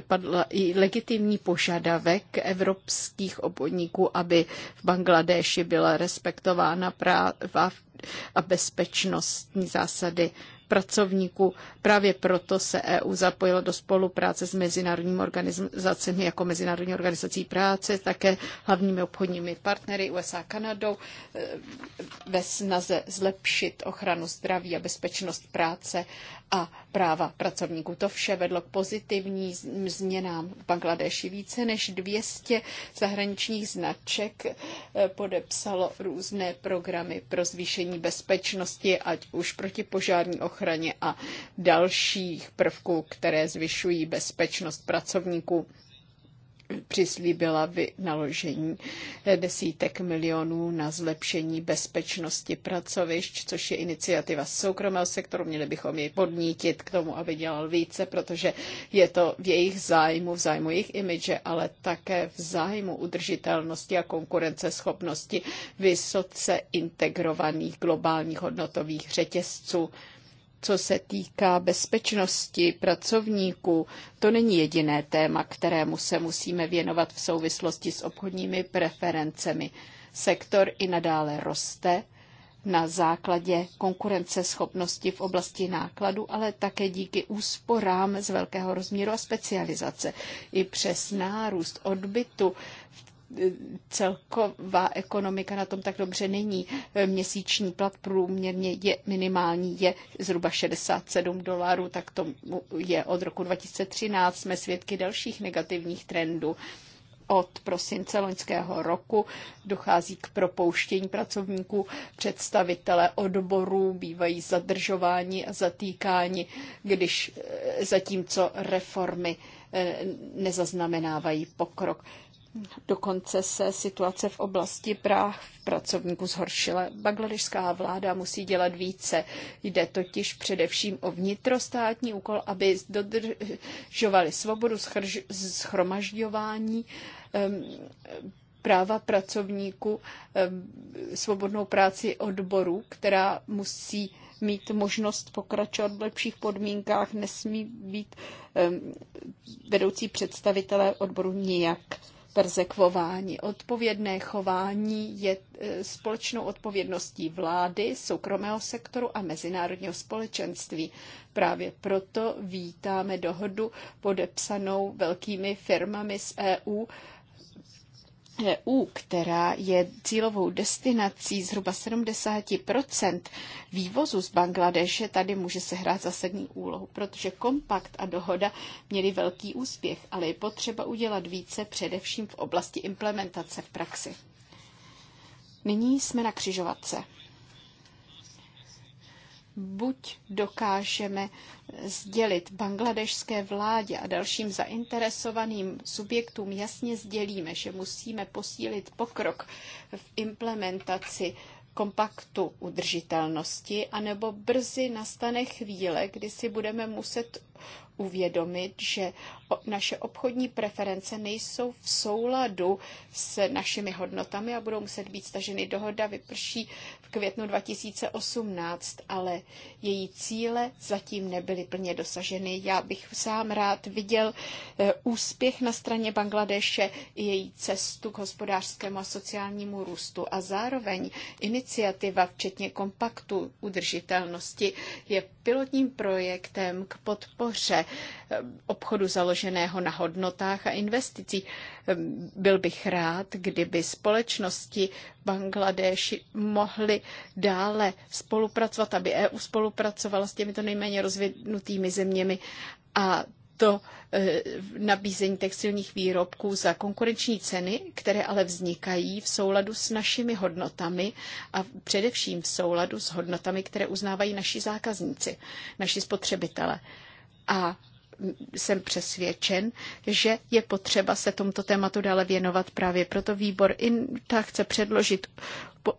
padl i legitimní požadavek evropských obodníků, aby v Bangladeši byla respektována práva a bezpečnostní zásady pracovníků. Právě proto se EU zapojilo do spolupráce s mezinárodními organizacemi jako Mezinárodní organizací práce, také hlavními obchodními partnery USA a Kanadou e, ve snaze zlepšit ochranu zdraví a bezpečnost práce a práva pracovníků. To vše vedlo k pozitivním změnám v Bangladeši. Více než 200 zahraničních značek e, podepsalo různé programy pro zvýšení bezpečnosti, ať už protipožární ochrany, ochraně a dalších prvků, které zvyšují bezpečnost pracovníků přislíbila vynaložení desítek milionů na zlepšení bezpečnosti pracovišť, což je iniciativa soukromého sektoru. Měli bychom jej podnítit k tomu, aby dělal více, protože je to v jejich zájmu, v zájmu jejich imidže, ale také v zájmu udržitelnosti a konkurenceschopnosti vysoce integrovaných globálních hodnotových řetězců co se týká bezpečnosti pracovníků, to není jediné téma, kterému se musíme věnovat v souvislosti s obchodními preferencemi. Sektor i nadále roste na základě konkurenceschopnosti v oblasti nákladu, ale také díky úsporám z velkého rozměru a specializace. I přes nárůst odbytu v celková ekonomika na tom tak dobře není. E, měsíční plat průměrně je minimální, je zhruba 67 dolarů, tak to je od roku 2013. Jsme svědky dalších negativních trendů od prosince loňského roku dochází k propouštění pracovníků. Představitelé odborů bývají zadržováni a zatýkáni, když e, zatímco reformy e, nezaznamenávají pokrok. Dokonce se situace v oblasti práv pracovníků zhoršila. Bangladešská vláda musí dělat více. Jde totiž především o vnitrostátní úkol, aby dodržovali svobodu schromažďování, práva pracovníků, svobodnou práci odborů, která musí mít možnost pokračovat v lepších podmínkách, nesmí být vedoucí představitelé odboru nijak perzekvování. Odpovědné chování je e, společnou odpovědností vlády, soukromého sektoru a mezinárodního společenství. Právě proto vítáme dohodu podepsanou velkými firmami z EU EU, která je cílovou destinací zhruba 70 vývozu z Bangladeše, tady může se hrát zásadní úlohu, protože kompakt a dohoda měly velký úspěch, ale je potřeba udělat více především v oblasti implementace v praxi. Nyní jsme na křižovatce buď dokážeme sdělit bangladešské vládě a dalším zainteresovaným subjektům jasně sdělíme, že musíme posílit pokrok v implementaci kompaktu udržitelnosti, anebo brzy nastane chvíle, kdy si budeme muset uvědomit, že naše obchodní preference nejsou v souladu s našimi hodnotami a budou muset být staženy. Dohoda vyprší květnu 2018, ale její cíle zatím nebyly plně dosaženy. Já bych sám rád viděl eh, úspěch na straně Bangladeše i její cestu k hospodářskému a sociálnímu růstu a zároveň iniciativa včetně kompaktu udržitelnosti je pilotním projektem k podpoře eh, obchodu založeného na hodnotách a investicích byl bych rád, kdyby společnosti Bangladeši mohly dále spolupracovat, aby EU spolupracovala s těmito nejméně rozvinutými zeměmi a to eh, nabízení textilních výrobků za konkurenční ceny, které ale vznikají v souladu s našimi hodnotami a především v souladu s hodnotami, které uznávají naši zákazníci, naši spotřebitele. A jsem přesvědčen, že je potřeba se tomuto tématu dále věnovat. Právě proto výbor INTA chce předložit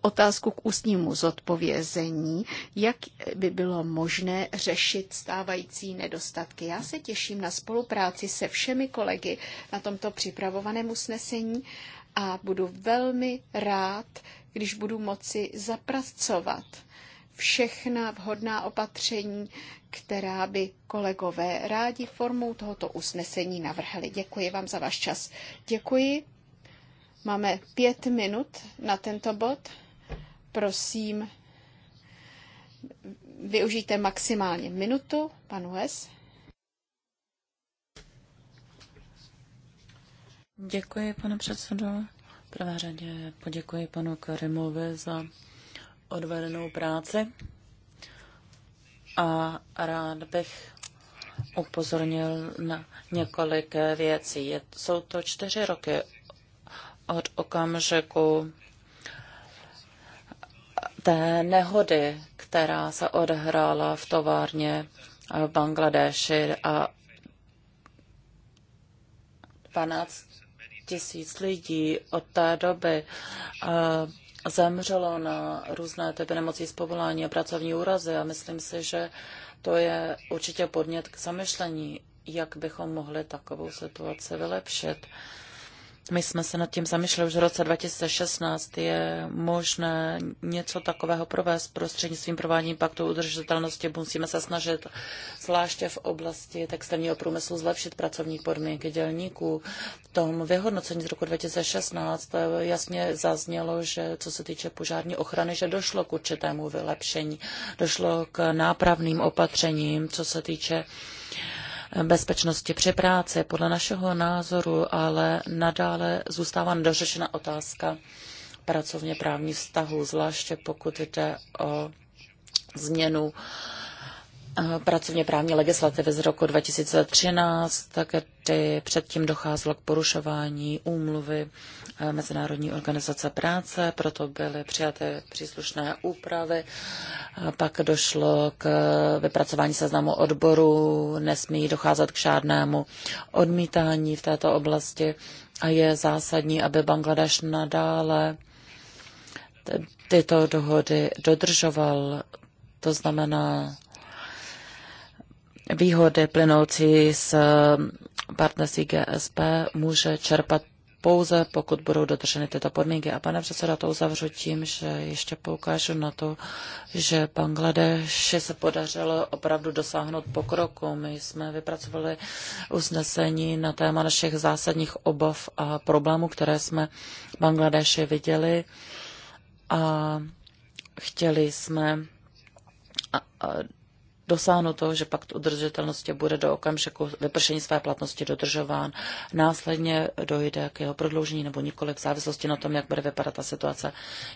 otázku k ústnímu zodpovězení, jak by bylo možné řešit stávající nedostatky. Já se těším na spolupráci se všemi kolegy na tomto připravovaném usnesení a budu velmi rád, když budu moci zapracovat všechna vhodná opatření, která by kolegové rádi formou tohoto usnesení navrhli. Děkuji vám za váš čas. Děkuji. Máme pět minut na tento bod. Prosím, využijte maximálně minutu. Pan Hes. Děkuji, pane předsedo. V prvé řadě poděkuji panu Karimovi za odvedenou práci a rád bych upozornil na několik věcí. Jsou to čtyři roky od okamžiku té nehody, která se odehrála v továrně v Bangladeši a 12 tisíc lidí od té doby eh, zemřelo na různé typy nemocí z povolání a pracovní úrazy a myslím si, že to je určitě podnět k zamyšlení, jak bychom mohli takovou situaci vylepšit. My jsme se nad tím zamýšleli už v roce 2016. Je možné něco takového provést prostřednictvím provádění paktu udržitelnosti. Musíme se snažit, zvláště v oblasti textilního průmyslu, zlepšit pracovní podmínky dělníků. V tom vyhodnocení z roku 2016 jasně zaznělo, že co se týče požární ochrany, že došlo k určitému vylepšení. Došlo k nápravným opatřením, co se týče bezpečnosti při práci. Podle našeho názoru ale nadále zůstává nedořešena otázka pracovně právní vztahu, zvláště pokud jde o změnu eh, pracovně právní legislativy z roku 2013, kdy předtím docházelo k porušování úmluvy Mezinárodní organizace práce, proto byly přijaty příslušné úpravy. Pak došlo k vypracování seznamu odborů, nesmí docházet k žádnému odmítání v této oblasti a je zásadní, aby Bangladeš nadále tyto dohody dodržoval. To znamená, výhody plynoucí z partnerství GSP může čerpat pouze pokud budou dodrženy tyto podmínky. A pane předsedo, to uzavřu tím, že ještě poukážu na to, že Bangladeši se podařilo opravdu dosáhnout pokroku. My jsme vypracovali usnesení na téma našich zásadních obav a problémů, které jsme v Bangladeši viděli a chtěli jsme dosáhnout toho, že pakt udržitelnosti bude do okamžiku vypršení své platnosti dodržován. Následně dojde k jeho prodloužení nebo nikoli v závislosti na tom, jak bude vypadat ta situace.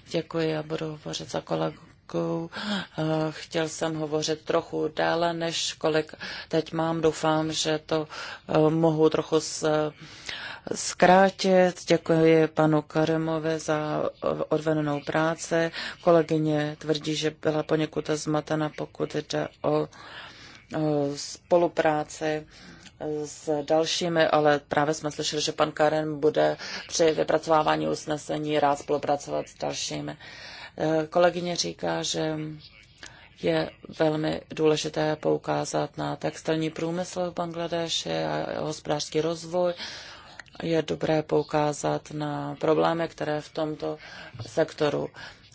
Děkuji a budu hovořit za kolegu. Eh, chtěl jsem hovořit trochu déle, než kolik teď mám. Doufám, že to eh, mohu trochu s zkrátit. Děkuji panu Karemovi za odvedenou práci. Kolegyně tvrdí, že byla poněkud zmatena, pokud jde o spolupráci s dalšími, ale právě jsme slyšeli, že pan Karen bude při vypracovávání usnesení rád spolupracovat s dalšími. Kolegyně říká, že je velmi důležité poukázat na textilní průmysl v Bangladeši a hospodářský rozvoj, je dobré poukázat na problémy, které v tomto sektoru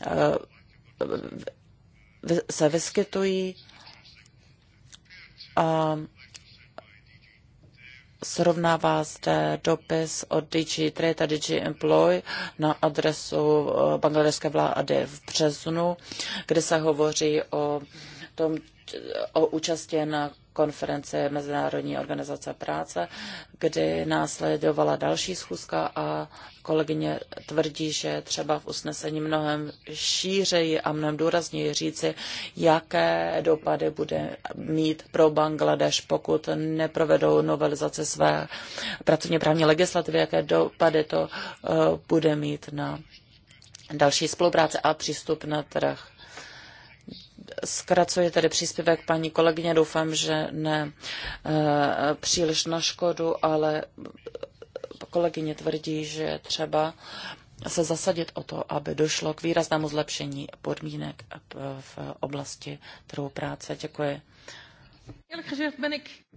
eh, se vyskytují a srovnává zde dopis od DG Trade a DG Employ na adresu eh, bangladeské vlády v březnu, kde se hovoří o tom, o účasti na konference Mezinárodní organizace práce, kdy následovala další schůzka a kolegyně tvrdí, že třeba v usnesení mnohem šířeji a mnohem důrazněji říci, jaké dopady bude mít pro Bangladeš, pokud neprovedou novelizace své pracovně právní legislativy, jaké dopady to eh, bude mít na další spolupráce a přístup na trh. Zkracuji tedy příspěvek paní kolegyně, doufám, že ne e, příliš na škodu, ale kolegyně tvrdí, že je třeba se zasadit o to, aby došlo k výraznému zlepšení podmínek v oblasti trhu práce. Děkuji.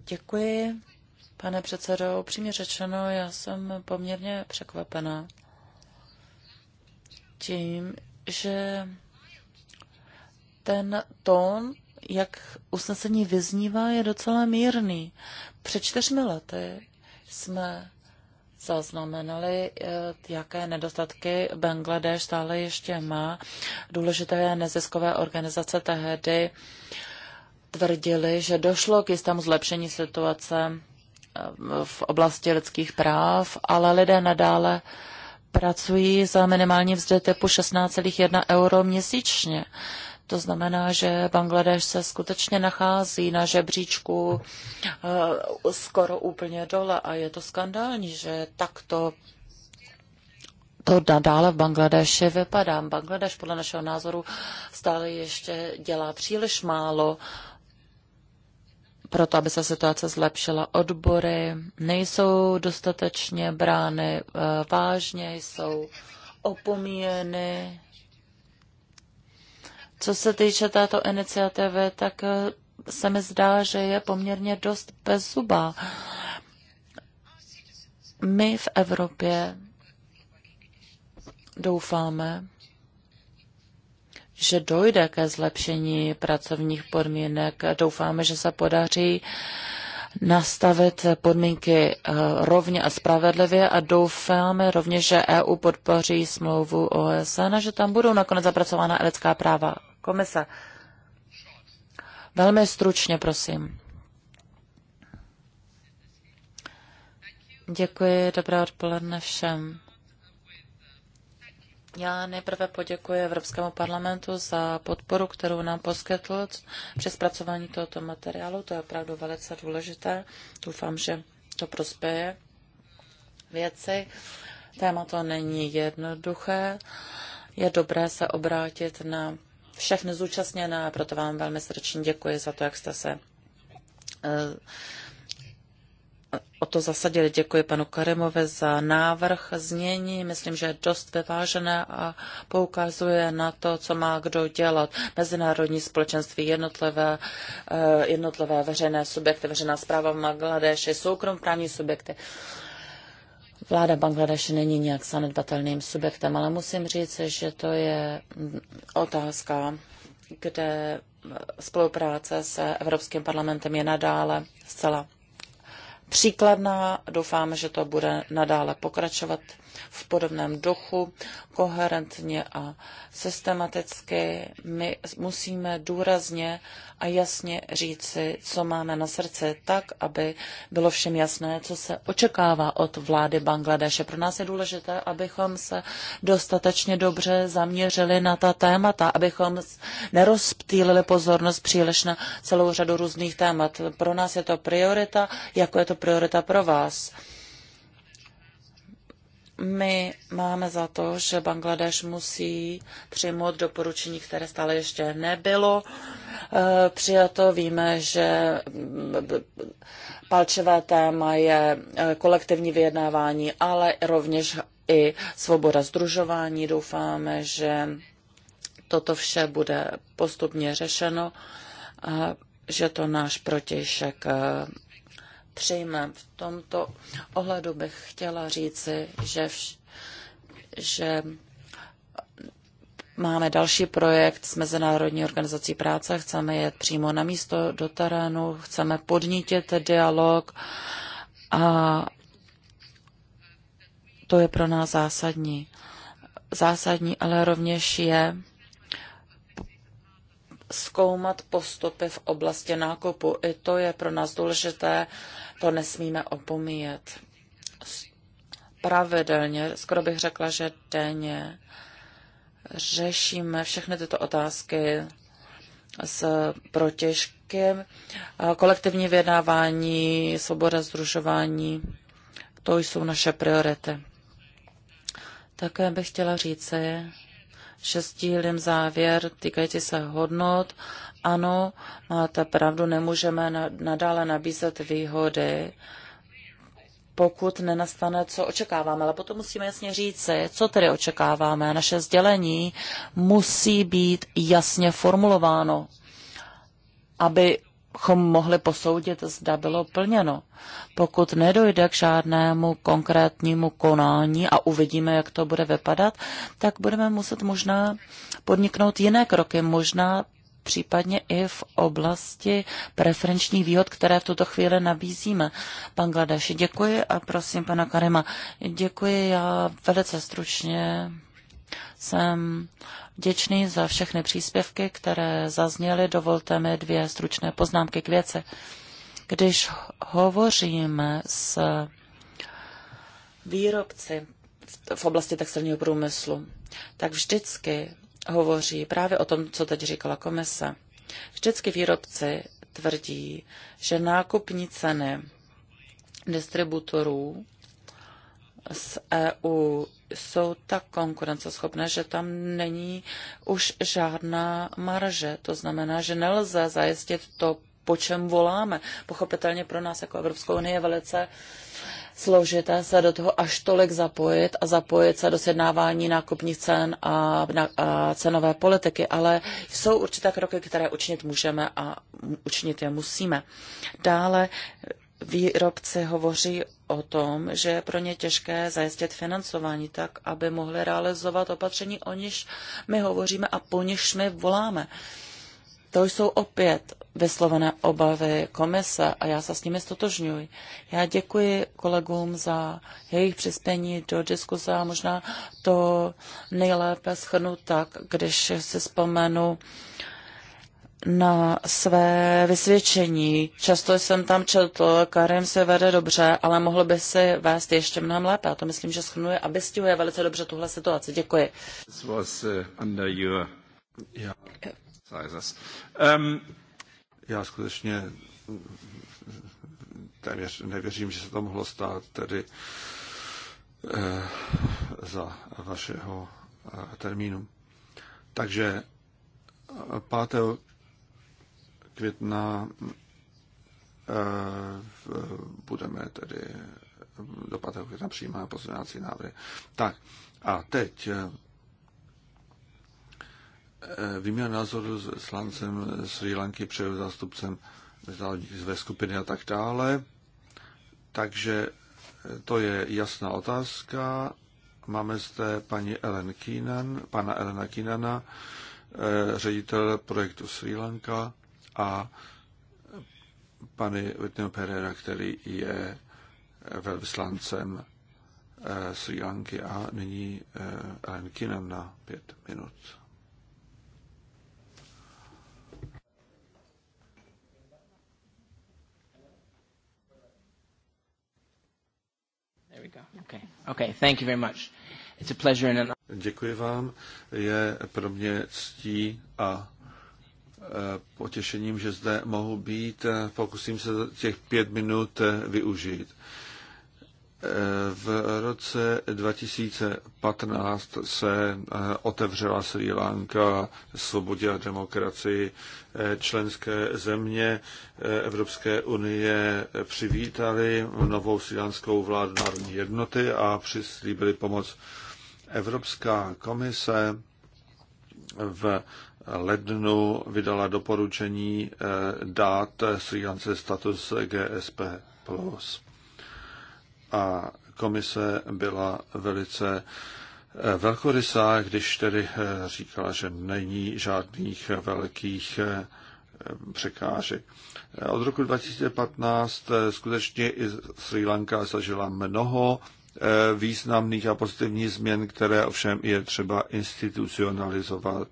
Děkuji, pane předsedo. Upřímně řečeno, já jsem poměrně překvapena tím, že ten tón, jak usnesení vyznívá, je docela mírný. Před čtyřmi lety jsme zaznamenali, eh, jaké nedostatky Bangladeš stále ještě má. Důležité neziskové organizace tehdy tvrdili, že došlo k jistému zlepšení situace eh, v oblasti lidských práv, ale lidé nadále pracují za minimální vzdy typu 16,1 euro měsíčně. To znamená, že Bangladeš se skutečně nachází na žebříčku eh, skoro úplně dole a je to skandální, že takto to dále v Bangladeši vypadá. Bangladeš podle našeho názoru stále ještě dělá příliš málo proto, aby se situace zlepšila. Odbory nejsou dostatečně brány eh, vážně, jsou opomíjeny co se týče této iniciativy, tak eh, se mi zdá, že je poměrně dost bezzubá. My v Evropě doufáme, že dojde ke zlepšení pracovních podmínek. Doufáme, že se podaří nastavit podmínky eh, rovně a spravedlivě a doufáme rovněž, že EU podpoří smlouvu OSN a že tam budou nakonec zapracována lidská práva komise. Velmi stručně, prosím. Děkuji, dobré odpoledne všem. Já nejprve poděkuji Evropskému parlamentu za podporu, kterou nám poskytl při zpracování tohoto materiálu. To je opravdu velice důležité. Doufám, že to prospěje věci. Téma to není jednoduché. Je dobré se obrátit na všechny zúčastněné a proto vám velmi srdečně děkuji za to, jak jste se eh, o to zasadili. Děkuji panu Karimovi za návrh znění. Myslím, že je dost vyvážené a poukazuje na to, co má kdo dělat. Mezinárodní společenství, jednotlivé, eh, jednotlivé veřejné subjekty, veřejná zpráva v Magladeši, soukromprávní subjekty. Vláda Bangladeše není nějak zanedbatelným subjektem, ale musím říct, že to je mm, otázka, kde mm, spolupráce se Evropským parlamentem je nadále zcela příkladná. Doufám, že to bude nadále pokračovat v podobném duchu, koherentně a systematicky. My musíme důrazně a jasně říci, co máme na srdci, tak, aby bylo všem jasné, co se očekává od vlády Bangladeše. Pro nás je důležité, abychom se dostatečně dobře zaměřili na ta témata, abychom nerozptýlili pozornost příliš na celou řadu různých témat. Pro nás je to priorita, jako je to priorita pro vás. My máme za to, že Bangladeš musí přijmout doporučení, které stále ještě nebylo eh, přijato. Víme, že eh, palčivé téma je eh, kolektivní vyjednávání, ale rovněž i svoboda združování. Doufáme, že toto vše bude postupně řešeno a že to náš protějšek přijme. V tomto ohledu bych chtěla říci, že, vš, že máme další projekt s Mezinárodní organizací práce, chceme jet přímo na místo do terénu, chceme podnítit dialog a to je pro nás zásadní. Zásadní ale rovněž je, zkoumat postupy v oblasti nákupu. I to je pro nás důležité, to nesmíme opomíjet. Pravidelně, skoro bych řekla, že denně řešíme všechny tyto otázky s protěžky, kolektivní vědávání, svoboda združování, to jsou naše priority. Také bych chtěla říci, lidem závěr týkající se hodnot. Ano, máte pravdu, nemůžeme nadále nabízet výhody, pokud nenastane, co očekáváme. Ale potom musíme jasně říci, co tedy očekáváme. Naše sdělení musí být jasně formulováno, aby bychom mohli posoudit, zda bylo plněno. Pokud nedojde k žádnému konkrétnímu konání a uvidíme, jak to bude vypadat, tak budeme muset možná podniknout jiné kroky, možná případně i v oblasti preferenčních výhod, které v tuto chvíli nabízíme. Gladaši, děkuji a prosím pana Karima. Děkuji, já velice stručně jsem vděčný za všechny příspěvky, které zazněly. Dovolte mi dvě stručné poznámky k věci. Když hovoříme s výrobci v oblasti textilního průmyslu, tak vždycky hovoří právě o tom, co teď říkala komise. Vždycky výrobci tvrdí, že nákupní ceny distributorů z EU jsou tak konkurenceschopné, že tam není už žádná marže. To znamená, že nelze zajistit to, po čem voláme. Pochopitelně pro nás jako Evropskou unii je velice složité se do toho až tolik zapojit a zapojit se do sjednávání nákupních cen a, a cenové politiky, ale jsou určité kroky, které učinit můžeme a učinit je musíme. Dále výrobci hovoří o tom, že je pro ně těžké zajistit financování tak, aby mohli realizovat opatření, o niž my hovoříme a po niž my voláme. To jsou opět vyslovené obavy komise a já se s nimi stotožňuji. Já děkuji kolegům za jejich přispění do diskuze a možná to nejlépe schrnu tak, když si vzpomenu na své vysvědčení. Často jsem tam četl, Karim se vede dobře, ale mohl by si vést ještě mnohem lépe. A to myslím, že schrnuje a vystihuje velice dobře tuhle situaci. Děkuji. This was, uh, under your... Um, Já skutečně téměř nevěřím, že se to mohlo stát tedy eh, za vašeho eh, termínu. Takže 5. Eh, května eh, budeme tedy do 5. května přijímáme pozměňovací návrhy. Tak a teď eh, výměna názoru s slancem Sri Lanky, před zástupcem ve skupiny a tak dále. Takže eh, to je jasná otázka. Máme zde paní Ellen Keenan, pana Elena Keenana, ředitel projektu Sri Lanka a pany Whitney Pereira, který je velvyslancem eh, Sri Lanky a nyní Ellen eh, Kinem na pět minut. Děkuji vám. Je pro mě ctí a potěšením, že zde mohu být. Pokusím se těch pět minut využít. V roce 2015 se otevřela Sri Lanka svobodě a demokracii. Členské země Evropské unie přivítali novou sílánskou vládu národní jednoty a přislíbili pomoc. Evropská komise v lednu vydala doporučení eh, dát Sri Lance status GSP+. A komise byla velice eh, velkorysá, když tedy eh, říkala, že není žádných velkých překážek. Od roku 2015 skutečně i Sri Lanka zažila mnoho významných a pozitivních změn, které ovšem je třeba institucionalizovat.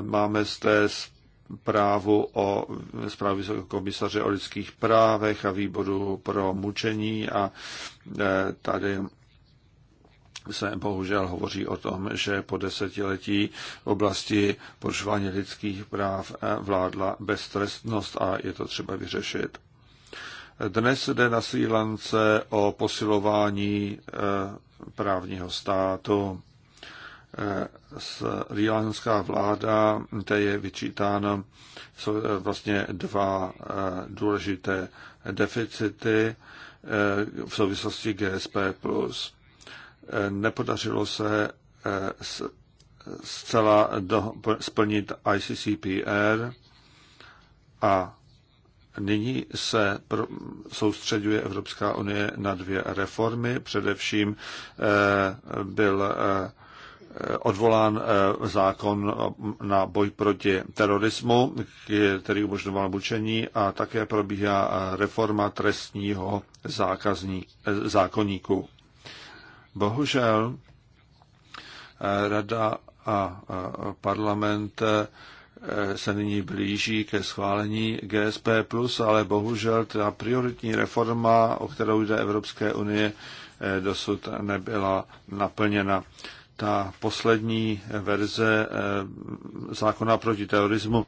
Máme zde zprávu o zprávu Vysokého komisaře o lidských právech a výboru pro mučení a e, tady se bohužel hovoří o tom, že po desetiletí v oblasti porušování lidských práv e, vládla beztrestnost a je to třeba vyřešit. Dnes jde na Sýlance o posilování e, právního státu. Srílanská vláda, kde je vyčítáno jsou vlastně dva eh, důležité deficity eh, v souvislosti GSP+. Eh, nepodařilo se zcela do, splnit ICCPR a Nyní se soustředuje Evropská unie na dvě reformy. Především byl odvolán eh, zákon na boj proti terorismu, který umožňoval mučení a také probíhá reforma trestního zákazní, eh, zákonníku. Bohužel eh, rada a parlament se nyní blíží ke schválení GSP+, ale bohužel ta prioritní reforma, o kterou jde Evropské unie, dosud nebyla naplněna ta poslední verze eh, zákona proti terorismu,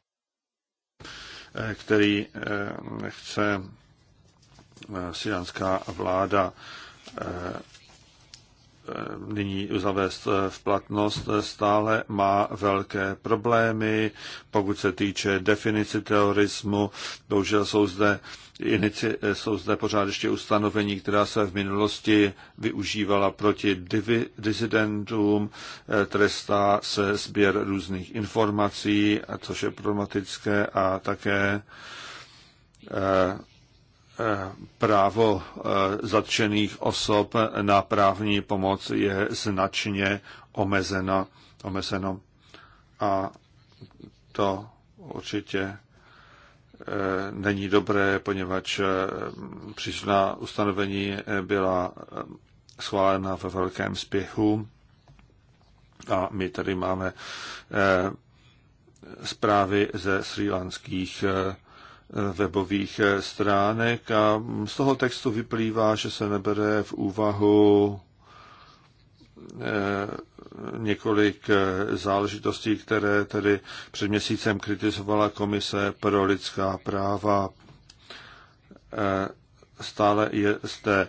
eh, který eh, chce syrianská vláda Eh, nyní zavést eh, v platnost, eh, stále má velké problémy, pokud se týče definici terorismu. Bohužel jsou zde, jsou zde pořád ještě ustanovení, která se v minulosti využívala proti divi, disidentům, trestá se sběr různých informací, což je problematické, a také Eh, právo eh, zatčených osob na právní pomoc je značně omezeno. omezeno. A to určitě eh, není dobré, poněvadž příslušná ustanovení byla schválena ve velkém spěchu a my tady máme zprávy ze srílanských webových eh, stránek a z toho textu vyplývá, že se nebere v úvahu eh, několik eh, záležitostí, které tedy před měsícem kritizovala Komise pro lidská práva. Stále je zde,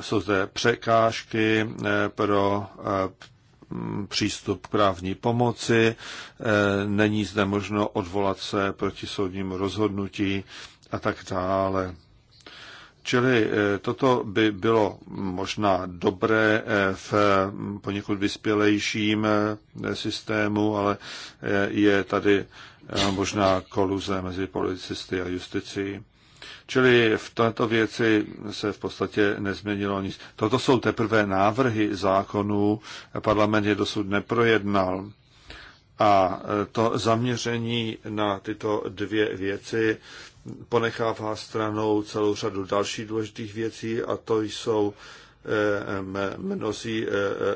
jsou zde překážky pro Mm, přístup k právní pomoci, e, není zde možno odvolat se proti soudnímu rozhodnutí a tak dále. Čili e, toto by bylo možná dobré e, v poněkud vyspělejším systému, ale je tady možná koluze mezi policisty a justicí. Čili v této věci se v podstatě nezměnilo nic. Toto jsou teprve návrhy zákonů, parlament je dosud neprojednal. A to zaměření na tyto dvě věci ponechává stranou celou řadu dalších důležitých věcí a to jsou eh, mnozí eh,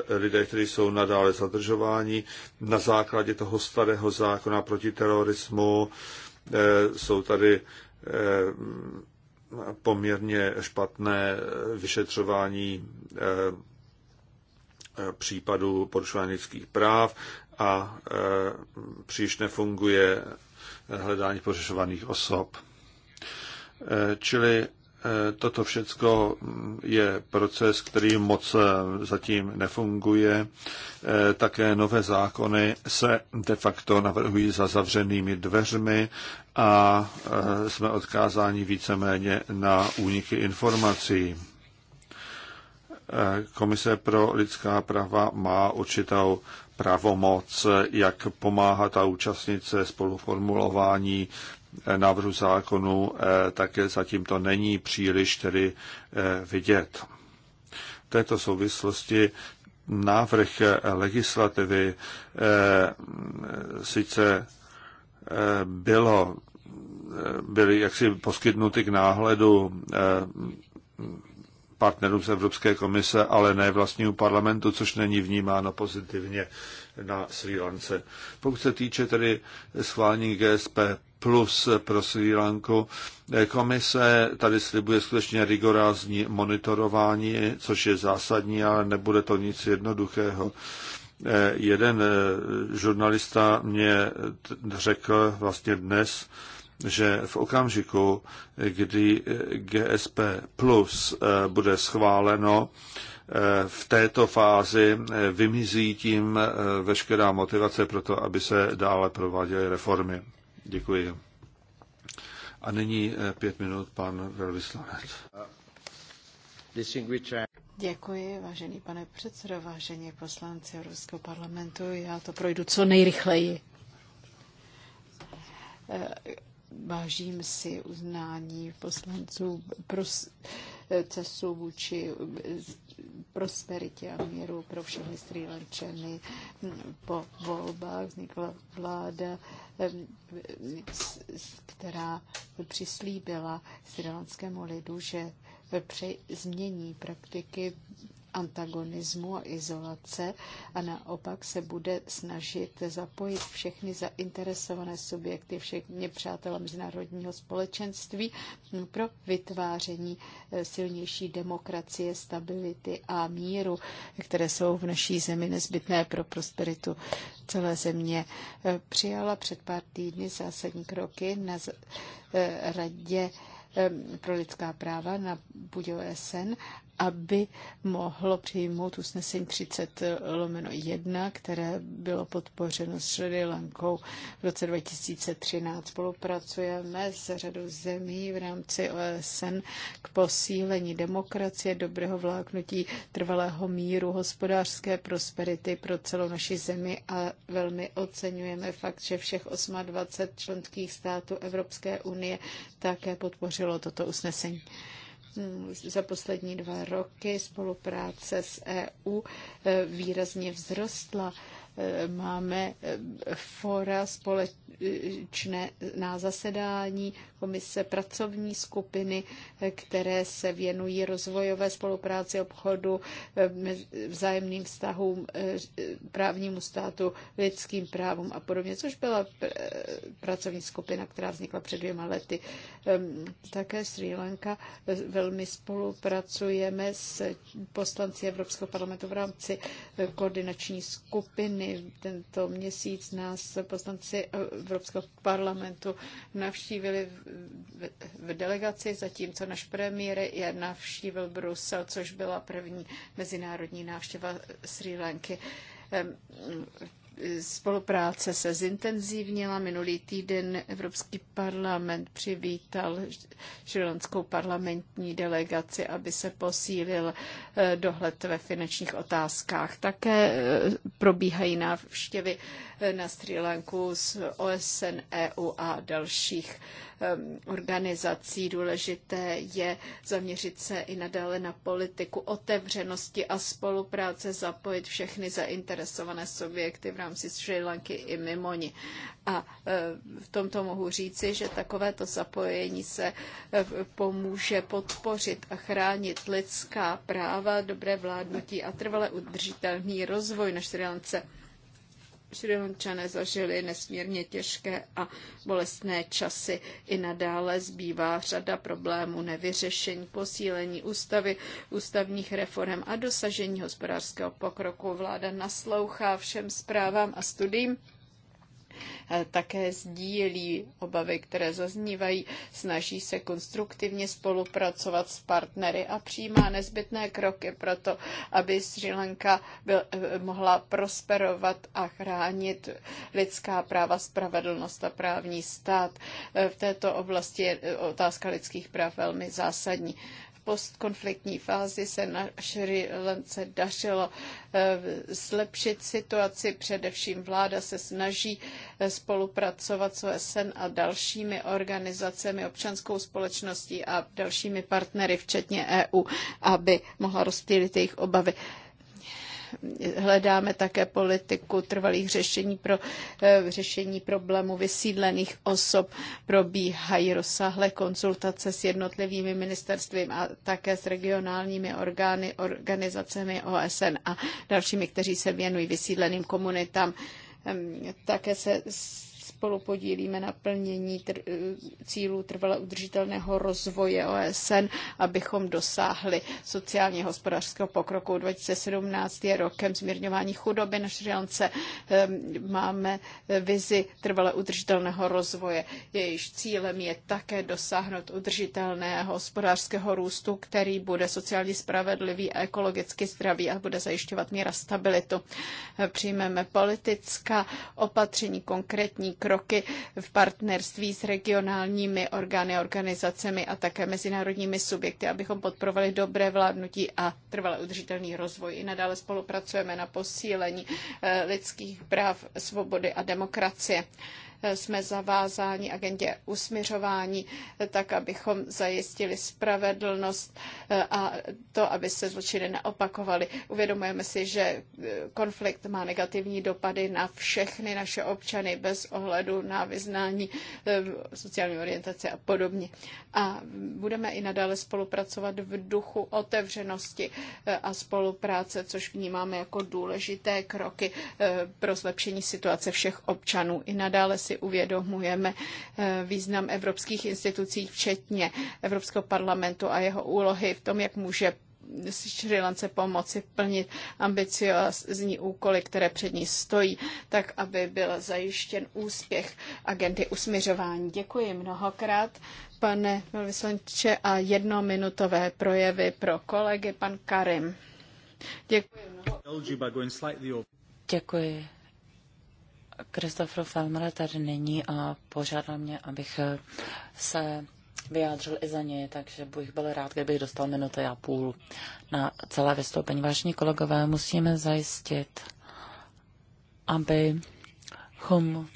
eh, lidé, kteří jsou nadále zadržováni na základě toho starého zákona proti terorismu. Jsou tady Eh, poměrně špatné vyšetřování eh, eh, případů porušování lidských práv a příliš nefunguje hledání pořešovaných osob. Čili Eh, toto všecko mm, je proces, který moc eh, zatím nefunguje. Eh, také nové zákony se de facto navrhují za zavřenými dveřmi a jsme odkázáni víceméně na úniky informací. Komise pro lidská práva má určitou pravomoc, jak pomáhat a účastnit se spoluformulování Eh, návrhu zákonu eh, tak zatím to není příliš tedy eh, vidět. V této souvislosti návrh legislativy sice bylo, byly jaksi poskytnuty k náhledu partnerům z Evropské komise, ale ne vlastnímu parlamentu, což není vnímáno pozitivně na Sri Lance. Pokud se týče tedy schválení GSP plus pro Sri Lanku, eh, komise tady slibuje skutečně rigorázní monitorování, což je zásadní, ale nebude to nic jednoduchého. Eh, jeden eh, žurnalista mě řekl vlastně dnes, že v okamžiku, kdy GSP plus bude schváleno, v této fázi eh, vymizí tím eh, veškerá motivace pro to, aby se dále prováděly reformy. Děkuji. A nyní eh, pět minut pan velvyslanec. Děkuji, vážený pane předsedo, vážení poslanci Evropského parlamentu. Já to projdu co nejrychleji. Vážím si uznání poslanců pro cestu vůči prosperitě a míru pro všechny Sri Lančany. Po volbách vznikla vláda, která přislíbila sri lanskému lidu, že změní praktiky antagonismu a izolace a naopak se bude snažit zapojit všechny zainteresované subjekty, všechny přátelé mezinárodního společenství pro vytváření eh, silnější demokracie, stability a míru, které jsou v naší zemi nezbytné pro prosperitu celé země. Eh, přijala před pár týdny zásadní kroky na eh, radě pro lidská práva na půdě OSN aby mohlo přijmout usnesení 30 lomeno 1, které bylo podpořeno s Sri Lankou v roce 2013. Spolupracujeme s řadou zemí v rámci OSN k posílení demokracie, dobrého vláknutí, trvalého míru, hospodářské prosperity pro celou naši zemi a velmi oceňujeme fakt, že všech 28 členských států Evropské unie také podpořilo toto usnesení za poslední dva roky spolupráce s EU eh, výrazně vzrostla Máme eh, fora společné na zasedání komise pracovní skupiny, eh, které se věnují rozvojové spolupráci obchodu, eh, vzájemným vztahům, právnímu státu, lidským právům a podobně, což byla pracovní skupina, která vznikla před dvěma lety. Ehm, také Sri Lanka velmi spolupracujeme s poslanci Evropského parlamentu v rámci koordinační skupiny týdny, tento měsíc nás poslanci Evropského parlamentu navštívili v delegaci, zatímco naš premiér je navštívil Brusel, což byla první mezinárodní návštěva Sri Lanky Spolupráce se zintenzívnila. Minulý týden Evropský parlament přivítal šrilanskou parlamentní delegaci, aby se posílil eh, dohled ve finančních otázkách. Také eh, probíhají návštěvy eh, na Sri Lanku z OSN, EU a dalších ehm, organizací. Důležité je zaměřit se i nadále na politiku otevřenosti a spolupráce, zapojit všechny zainteresované subjekty v rámci rámci Sri Lanky i mimo ní. A e, v tomto mohu říci, že takovéto zapojení se e, pomůže podpořit a chránit lidská práva, dobré vládnutí a trvale udržitelný rozvoj na Sri Lance. Šrilančané zažili nesmírně těžké a bolestné časy. I nadále zbývá řada problémů nevyřešení, posílení ústavy, ústavních reform a dosažení hospodářského pokroku. Vláda naslouchá všem zprávám a studiím také sdílí obavy, které zaznívají, snaží se konstruktivně spolupracovat s partnery a přijímá nezbytné kroky pro to, aby Sri Lanka byl, eh, mohla prosperovat a chránit lidská práva, spravedlnost a právní stát. Eh, v této oblasti je eh, otázka lidských práv velmi zásadní postkonfliktní fázi se na Šri Lance dařilo eh, zlepšit situaci. Především vláda se snaží eh, spolupracovat s OSN a dalšími organizacemi, občanskou společností a dalšími partnery, včetně EU, aby mohla rozptýlit jejich obavy. Hledáme také politiku trvalých řešení pro eh, řešení problému vysídlených osob. Probíhají rozsáhlé konzultace s jednotlivými ministerstvy a také s regionálními orgány, organizacemi OSN a dalšími, kteří se věnují vysídleným komunitám. Také se spolu podílíme na plnění tr- cílů trvale udržitelného rozvoje OSN, abychom dosáhli sociálně hospodářského pokroku. 2017 je rokem zmírňování chudoby na Šrilance. Ehm, máme vizi trvale udržitelného rozvoje. Jejíž cílem je také dosáhnout udržitelného hospodářského růstu, který bude sociálně spravedlivý a ekologicky zdravý a bude zajišťovat míra stabilitu. Přijmeme politická opatření, konkrétní krok kroky v partnerství s regionálními orgány, organizacemi a také mezinárodními subjekty, abychom podporovali dobré vládnutí a trvale udržitelný rozvoj. I nadále spolupracujeme na posílení eh, lidských práv, svobody a demokracie jsme zavázáni agendě usměřování, tak abychom zajistili spravedlnost eh, a to, aby se zločiny neopakovaly. Uvědomujeme si, že eh, konflikt má negativní dopady na všechny naše občany bez ohledu na vyznání, eh, sociální orientace a podobně. A budeme i nadále spolupracovat v duchu otevřenosti a spolupráce, což vnímáme jako důležité kroky pro zlepšení situace všech občanů. I nadále si uvědomujeme eh, význam evropských institucí, včetně Evropského parlamentu a jeho úlohy v tom, jak může Sri Lance pomoci plnit ambiciozní úkoly, které před ní stojí, tak aby byl zajištěn úspěch agendy usměřování. Děkuji mnohokrát, pane velvyslanče, a jednominutové projevy pro kolegy, pan Karim. Děkuji mnohokrát. Děkuji. Kristofr Felmer tady není a požádal mě, abych eh, se vyjádřil i za něj, takže bych byl rád, kdybych dostal minutu a půl na celé vystoupení. Vážení kolegové, musíme zajistit, abychom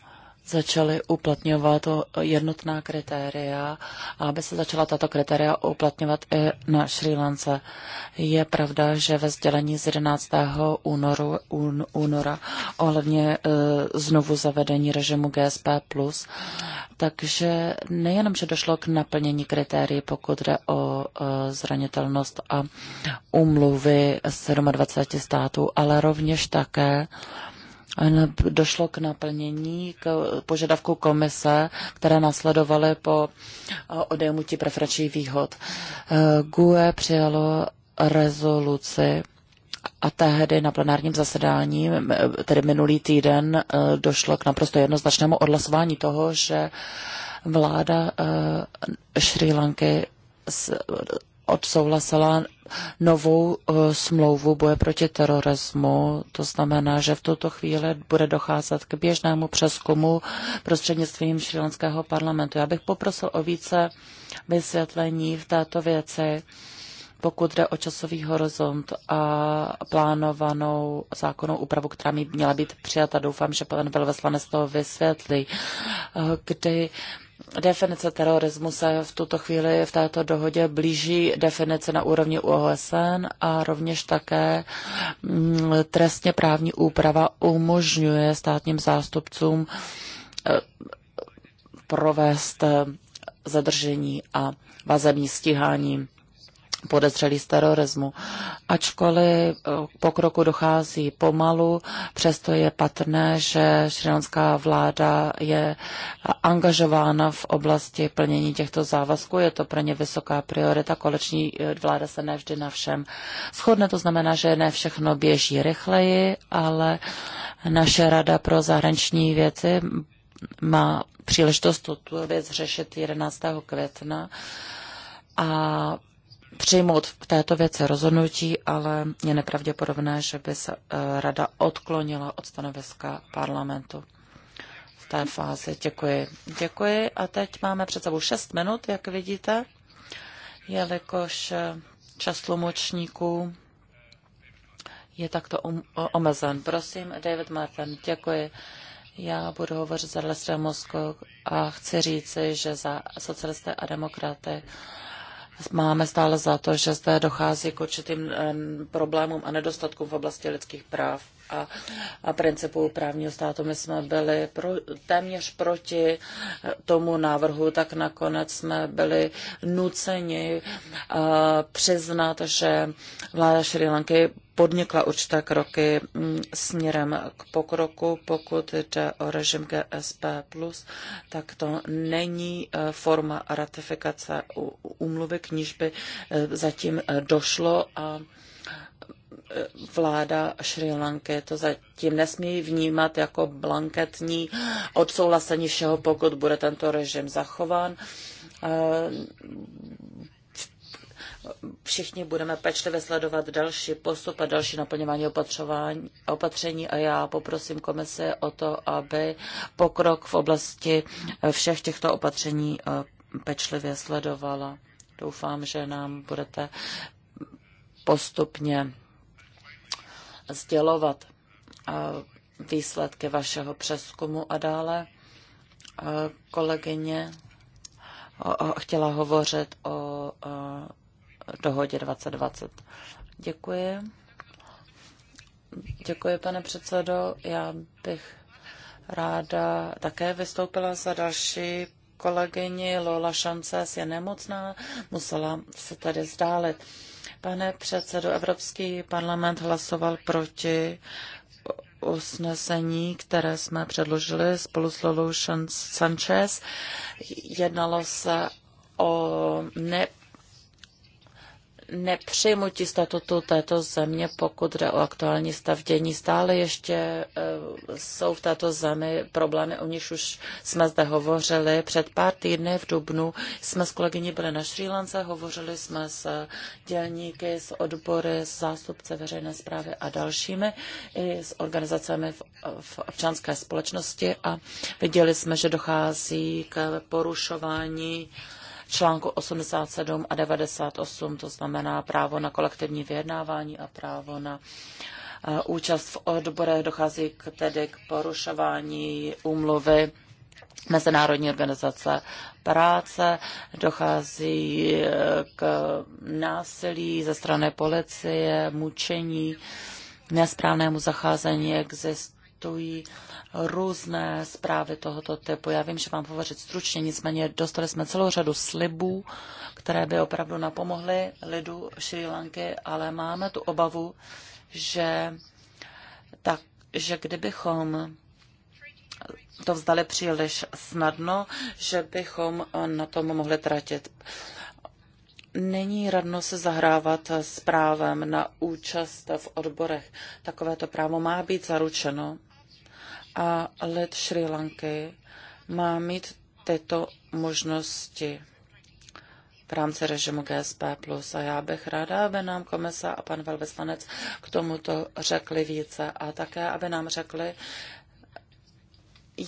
začaly uplatňovat jednotná kritéria a aby se začala tato kritéria uplatňovat i na Sri Lance. Je pravda, že ve sdělení z 11. únoru, un, února ohledně e, znovu zavedení režimu GSP+, takže nejenom, že došlo k naplnění kritérií, pokud jde o e, zranitelnost a umluvy 27 států, ale rovněž také došlo k naplnění k požadavku komise, které nasledovaly po eh, odejmutí preferenčních výhod. Eh, GUE přijalo rezoluci a tehdy na plenárním zasedání, eh, tedy minulý týden, došlo k naprosto jednoznačnému odhlasování toho, že vláda Šri Lanky odsouhlasila novou eh, smlouvu boje proti terorismu. To znamená, že v tuto chvíli bude docházet k běžnému přeskumu prostřednictvím šrilanského parlamentu. Já bych poprosil o více vysvětlení v této věci pokud jde o časový horizont a plánovanou zákonnou úpravu, která mi měla být přijata. Doufám, že pan velvyslanec to vysvětlí, eh, kdy definice terorismu se v tuto chvíli v této dohodě blíží definice na úrovni OSN a rovněž také mm, trestně právní úprava umožňuje státním zástupcům eh, provést eh, zadržení a vazební stíhání podezřelí z terorismu. Ačkoliv eh, pokroku dochází pomalu, přesto je patrné, že šrilanská vláda je angažována v oblasti plnění těchto závazků. Je to pro ně vysoká priorita. Koleční eh, vláda se nevždy na všem shodne. To znamená, že ne všechno běží rychleji, ale naše rada pro zahraniční věci má příležitost tuto věc řešit 11. května a přijmout v této věci rozhodnutí, ale je nepravděpodobné, že by se eh, rada odklonila od stanoviska parlamentu v té fázi. Děkuji. Děkuji a teď máme před sebou 6 minut, jak vidíte, jelikož eh, čas tlumočníků je takto um, omezen. Prosím, David Martin, děkuji. Já budu hovořit za Lestra Moskov a chci říci, že za socialisté a demokraty uh, Máme stále za to, že zde dochází k určitým problémům a nedostatkům v oblasti lidských práv a, a principu právního státu. My jsme byli pro, téměř proti eh, tomu návrhu, tak nakonec jsme byli nuceni a, eh, přiznat, že vláda Šri Lanky podnikla určité kroky mm, směrem k pokroku. Pokud jde o režim GSP+, tak to není eh, forma ratifikace úmluvy, k níž by zatím došlo a vláda Šri Lanky to zatím nesmí vnímat jako blanketní odsouhlasení všeho, pokud bude tento režim zachován. Eh, všichni budeme pečlivě sledovat další postup a další naplňování opatření a já poprosím komise o to, aby pokrok v oblasti eh, všech těchto opatření eh, pečlivě sledovala. Doufám, že nám budete postupně sdělovat eh, výsledky vašeho přeskumu a dále eh, kolegyně chtěla hovořit o eh, dohodě 2020. Děkuji. Děkuji, pane předsedo. Já bych ráda také vystoupila za další kolegyni. Lola šance, je nemocná, musela se tady zdálit. Pane předsedo, Evropský parlament hlasoval proti usnesení, které jsme předložili spolu s Lolou Sanchez. Jednalo se o ne nepřijmutí statutu této země, pokud jde o aktuální stav dění. Stále ještě eh, jsou v této zemi problémy, o nich už jsme zde hovořili. Před pár týdny v Dubnu jsme s kolegyní byli na Šrí Lance, hovořili jsme s dělníky, s odbory, s zástupce veřejné zprávy a dalšími, i s organizacemi v, v občanské společnosti a viděli jsme, že dochází k porušování článku 87 a 98, to znamená právo na kolektivní vyjednávání a právo na eh, účast v odborech. Dochází k, tedy k porušování úmluvy Mezinárodní organizace práce, dochází eh, k násilí ze strany policie, mučení, nesprávnému zacházení. Exist, existují různé zprávy tohoto typu. Já vím, že mám hovořit stručně, nicméně dostali jsme celou řadu slibů, které by opravdu napomohly lidu Šri Lanky, ale máme tu obavu, že, tak, že kdybychom to vzdali příliš snadno, že bychom na tom mohli tratit. Není radno se zahrávat s právem na účast v odborech. Takovéto právo má být zaručeno a let Sri Lanky má mít tyto možnosti v rámci režimu GSP+. A já bych ráda, aby nám komisa a pan velvyslanec k tomuto řekli více a také, aby nám řekli,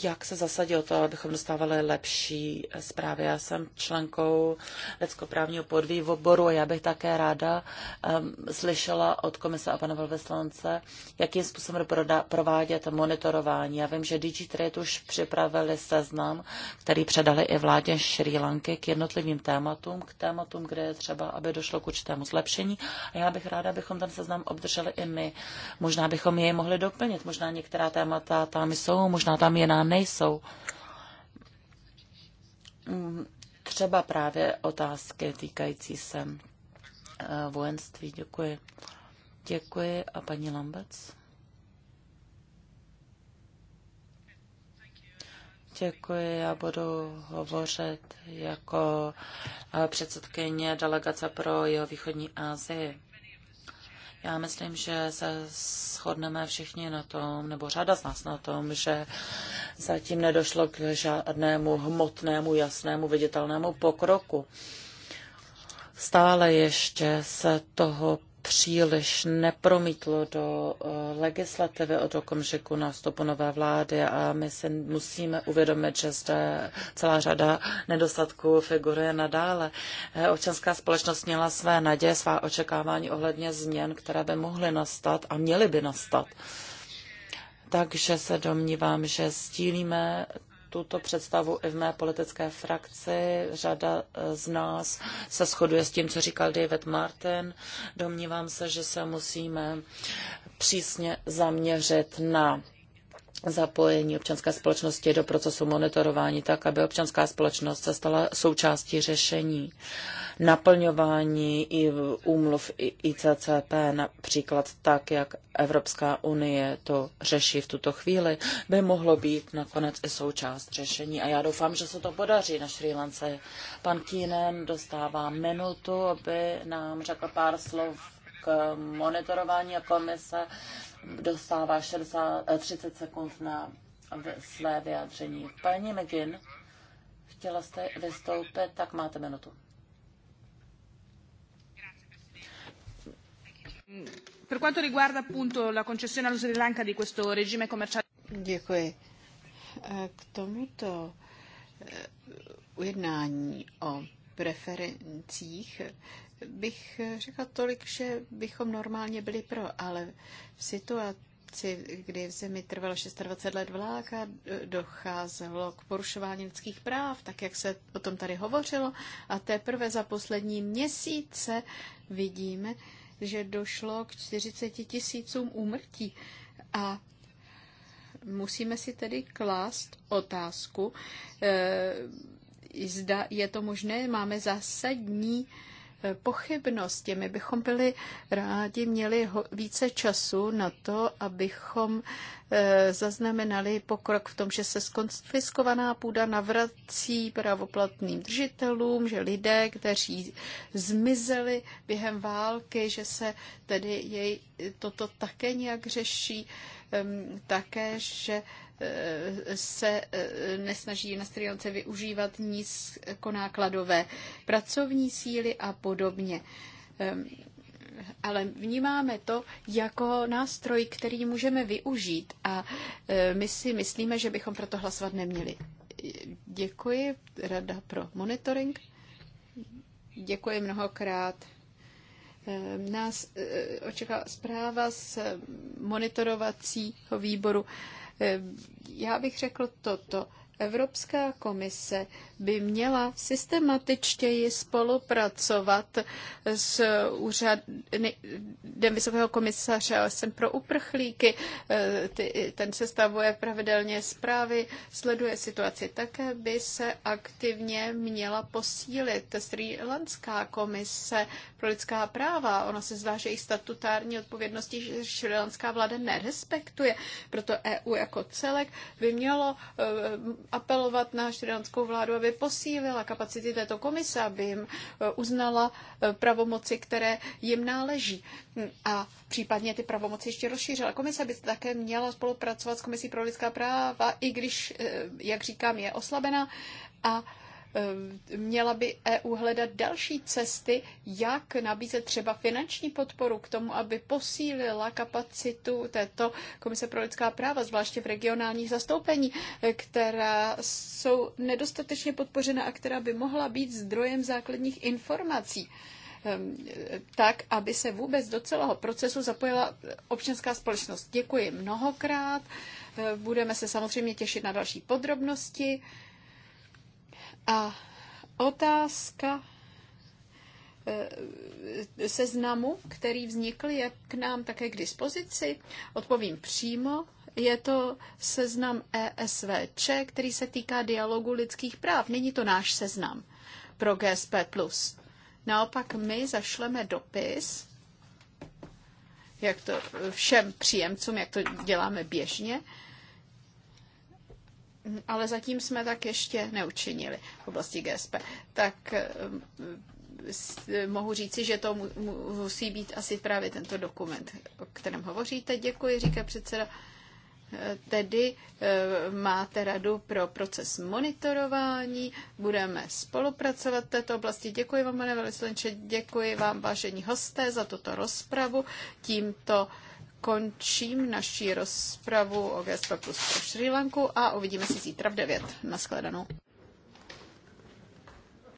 jak se zasadí o to, abychom dostávali lepší zprávy. Já jsem členkou lidskoprávního podvýboru a já bych také ráda um, slyšela od komise a pana velvyslance, jakým způsobem provádět monitorování. Já vím, že DigiTrade už připravili seznam, který předali i vládě Šri Lanky k jednotlivým tématům, k tématům, kde je třeba, aby došlo k určitému zlepšení. A já bych ráda, abychom ten seznam obdrželi i my. Možná bychom jej mohli doplnit, možná některá témata tam jsou, možná tam jiná nejsou. Mm, třeba právě otázky týkající se eh, vojenství. Děkuji. Děkuji. A paní Lambec? Děkuji, já budu hovořit jako eh, předsedkyně delegace pro jeho východní Asii. Já myslím, že se shodneme všichni na tom, nebo řada z nás na tom, že zatím nedošlo k žádnému hmotnému, jasnému, viditelnému pokroku. Stále ještě se toho příliš nepromítlo do eh, legislativy od okamžiku nástupu nové vlády a my si musíme uvědomit, že zde celá řada nedostatků figuruje nadále. Eh, občanská společnost měla své naděje, svá očekávání ohledně změn, které by mohly nastat a měly by nastat. Takže se domnívám, že sdílíme tuto představu i v mé politické frakci. Řada eh, z nás se shoduje s tím, co říkal David Martin. Domnívám se, že se musíme přísně zaměřit na zapojení občanské společnosti do procesu monitorování tak, aby občanská společnost se stala součástí řešení. Naplňování i úmluv ICCP, například tak, jak Evropská unie to řeší v tuto chvíli, by mohlo být nakonec i součást řešení. A já doufám, že se to podaří na Sri Lance. Pan Kínen dostává minutu, aby nám řekl pár slov k monitorování a komise dostává 60, 30 eh, sekund na své vyjádření. Paní McGinn, chtěla jste vystoupit, tak máte minutu. Per quanto riguarda appunto la concessione allo Sri Lanka di questo regime commerciale. Děkuji. Eh, k tomuto eh, ujednání o preferencích bych řekla tolik, že bychom normálně byli pro, ale v situaci, kdy v zemi trvalo 26 let vlák a docházelo k porušování lidských práv, tak jak se o tom tady hovořilo, a teprve za poslední měsíce vidíme, že došlo k 40 tisícům úmrtí. A musíme si tedy klást otázku, eh, zda je to možné, máme zásadní pochybnosti. My bychom byli rádi měli více času na to, abychom eh, zaznamenali pokrok v tom, že se skonfiskovaná půda navrací pravoplatným držitelům, že lidé, kteří zmizeli během války, že se tedy jej toto také nějak řeší, také, že Eh, se eh, nesnaží na Sri využívat využívat nízkonákladové pracovní síly a podobně ehm, ale vnímáme to jako nástroj, který můžeme využít a eh, my si myslíme, že bychom proto hlasovat neměli. Děkuji, Rada pro monitoring. Děkuji mnohokrát. Ehm, nás očeká zpráva z monitorovacího výboru já bych řekl toto. Evropská komise by měla systematičtěji spolupracovat s úřadem Vysokého komisaře OSN pro uprchlíky. E, ten sestavuje pravidelně zprávy, sleduje situaci. Také by se aktivně měla posílit Sri Lanská komise pro lidská práva. Ono se zdá, že i statutární odpovědnosti Sri Lanská vláda nerespektuje. Proto EU jako celek by mělo e, apelovat na šrilanskou vládu, aby posílila kapacity této komise, aby jim e, uznala e, pravomoci, které jim náleží a případně ty pravomoci ještě rozšířila. Komise by také měla spolupracovat s Komisí pro lidská práva, i když, e, jak říkám, je oslabená a Eh, měla by EU hledat další cesty, jak nabízet třeba finanční podporu k tomu, aby posílila kapacitu této Komise pro lidská práva, zvláště v regionálních zastoupení, eh, která jsou nedostatečně podpořena a která by mohla být zdrojem základních informací ehm, eh, tak, aby se vůbec do celého procesu zapojila občanská společnost. Děkuji mnohokrát, budeme se samozřejmě těšit na další podrobnosti. A otázka e, seznamu, který vznikl, je k nám také k dispozici. Odpovím přímo. Je to seznam ESVČ, který se týká dialogu lidských práv. Není to náš seznam pro GSP+. Naopak my zašleme dopis jak to všem příjemcům, jak to děláme běžně, ale zatím jsme tak ještě neučinili v oblasti GSP. Tak eh, eh, mohu říci, že to musí být asi právě tento dokument, o kterém hovoříte. Děkuji, říká předseda. Eh, tedy máte radu pro proces monitorování, budeme spolupracovat v této oblasti. Děkuji vám, pane Velislenče, děkuji vám, vážení hosté, za tuto rozpravu. Tímto končím naši rozpravu o GSP plus pro Šri Lanku a uvidíme se zítra v 9. Naschledanou.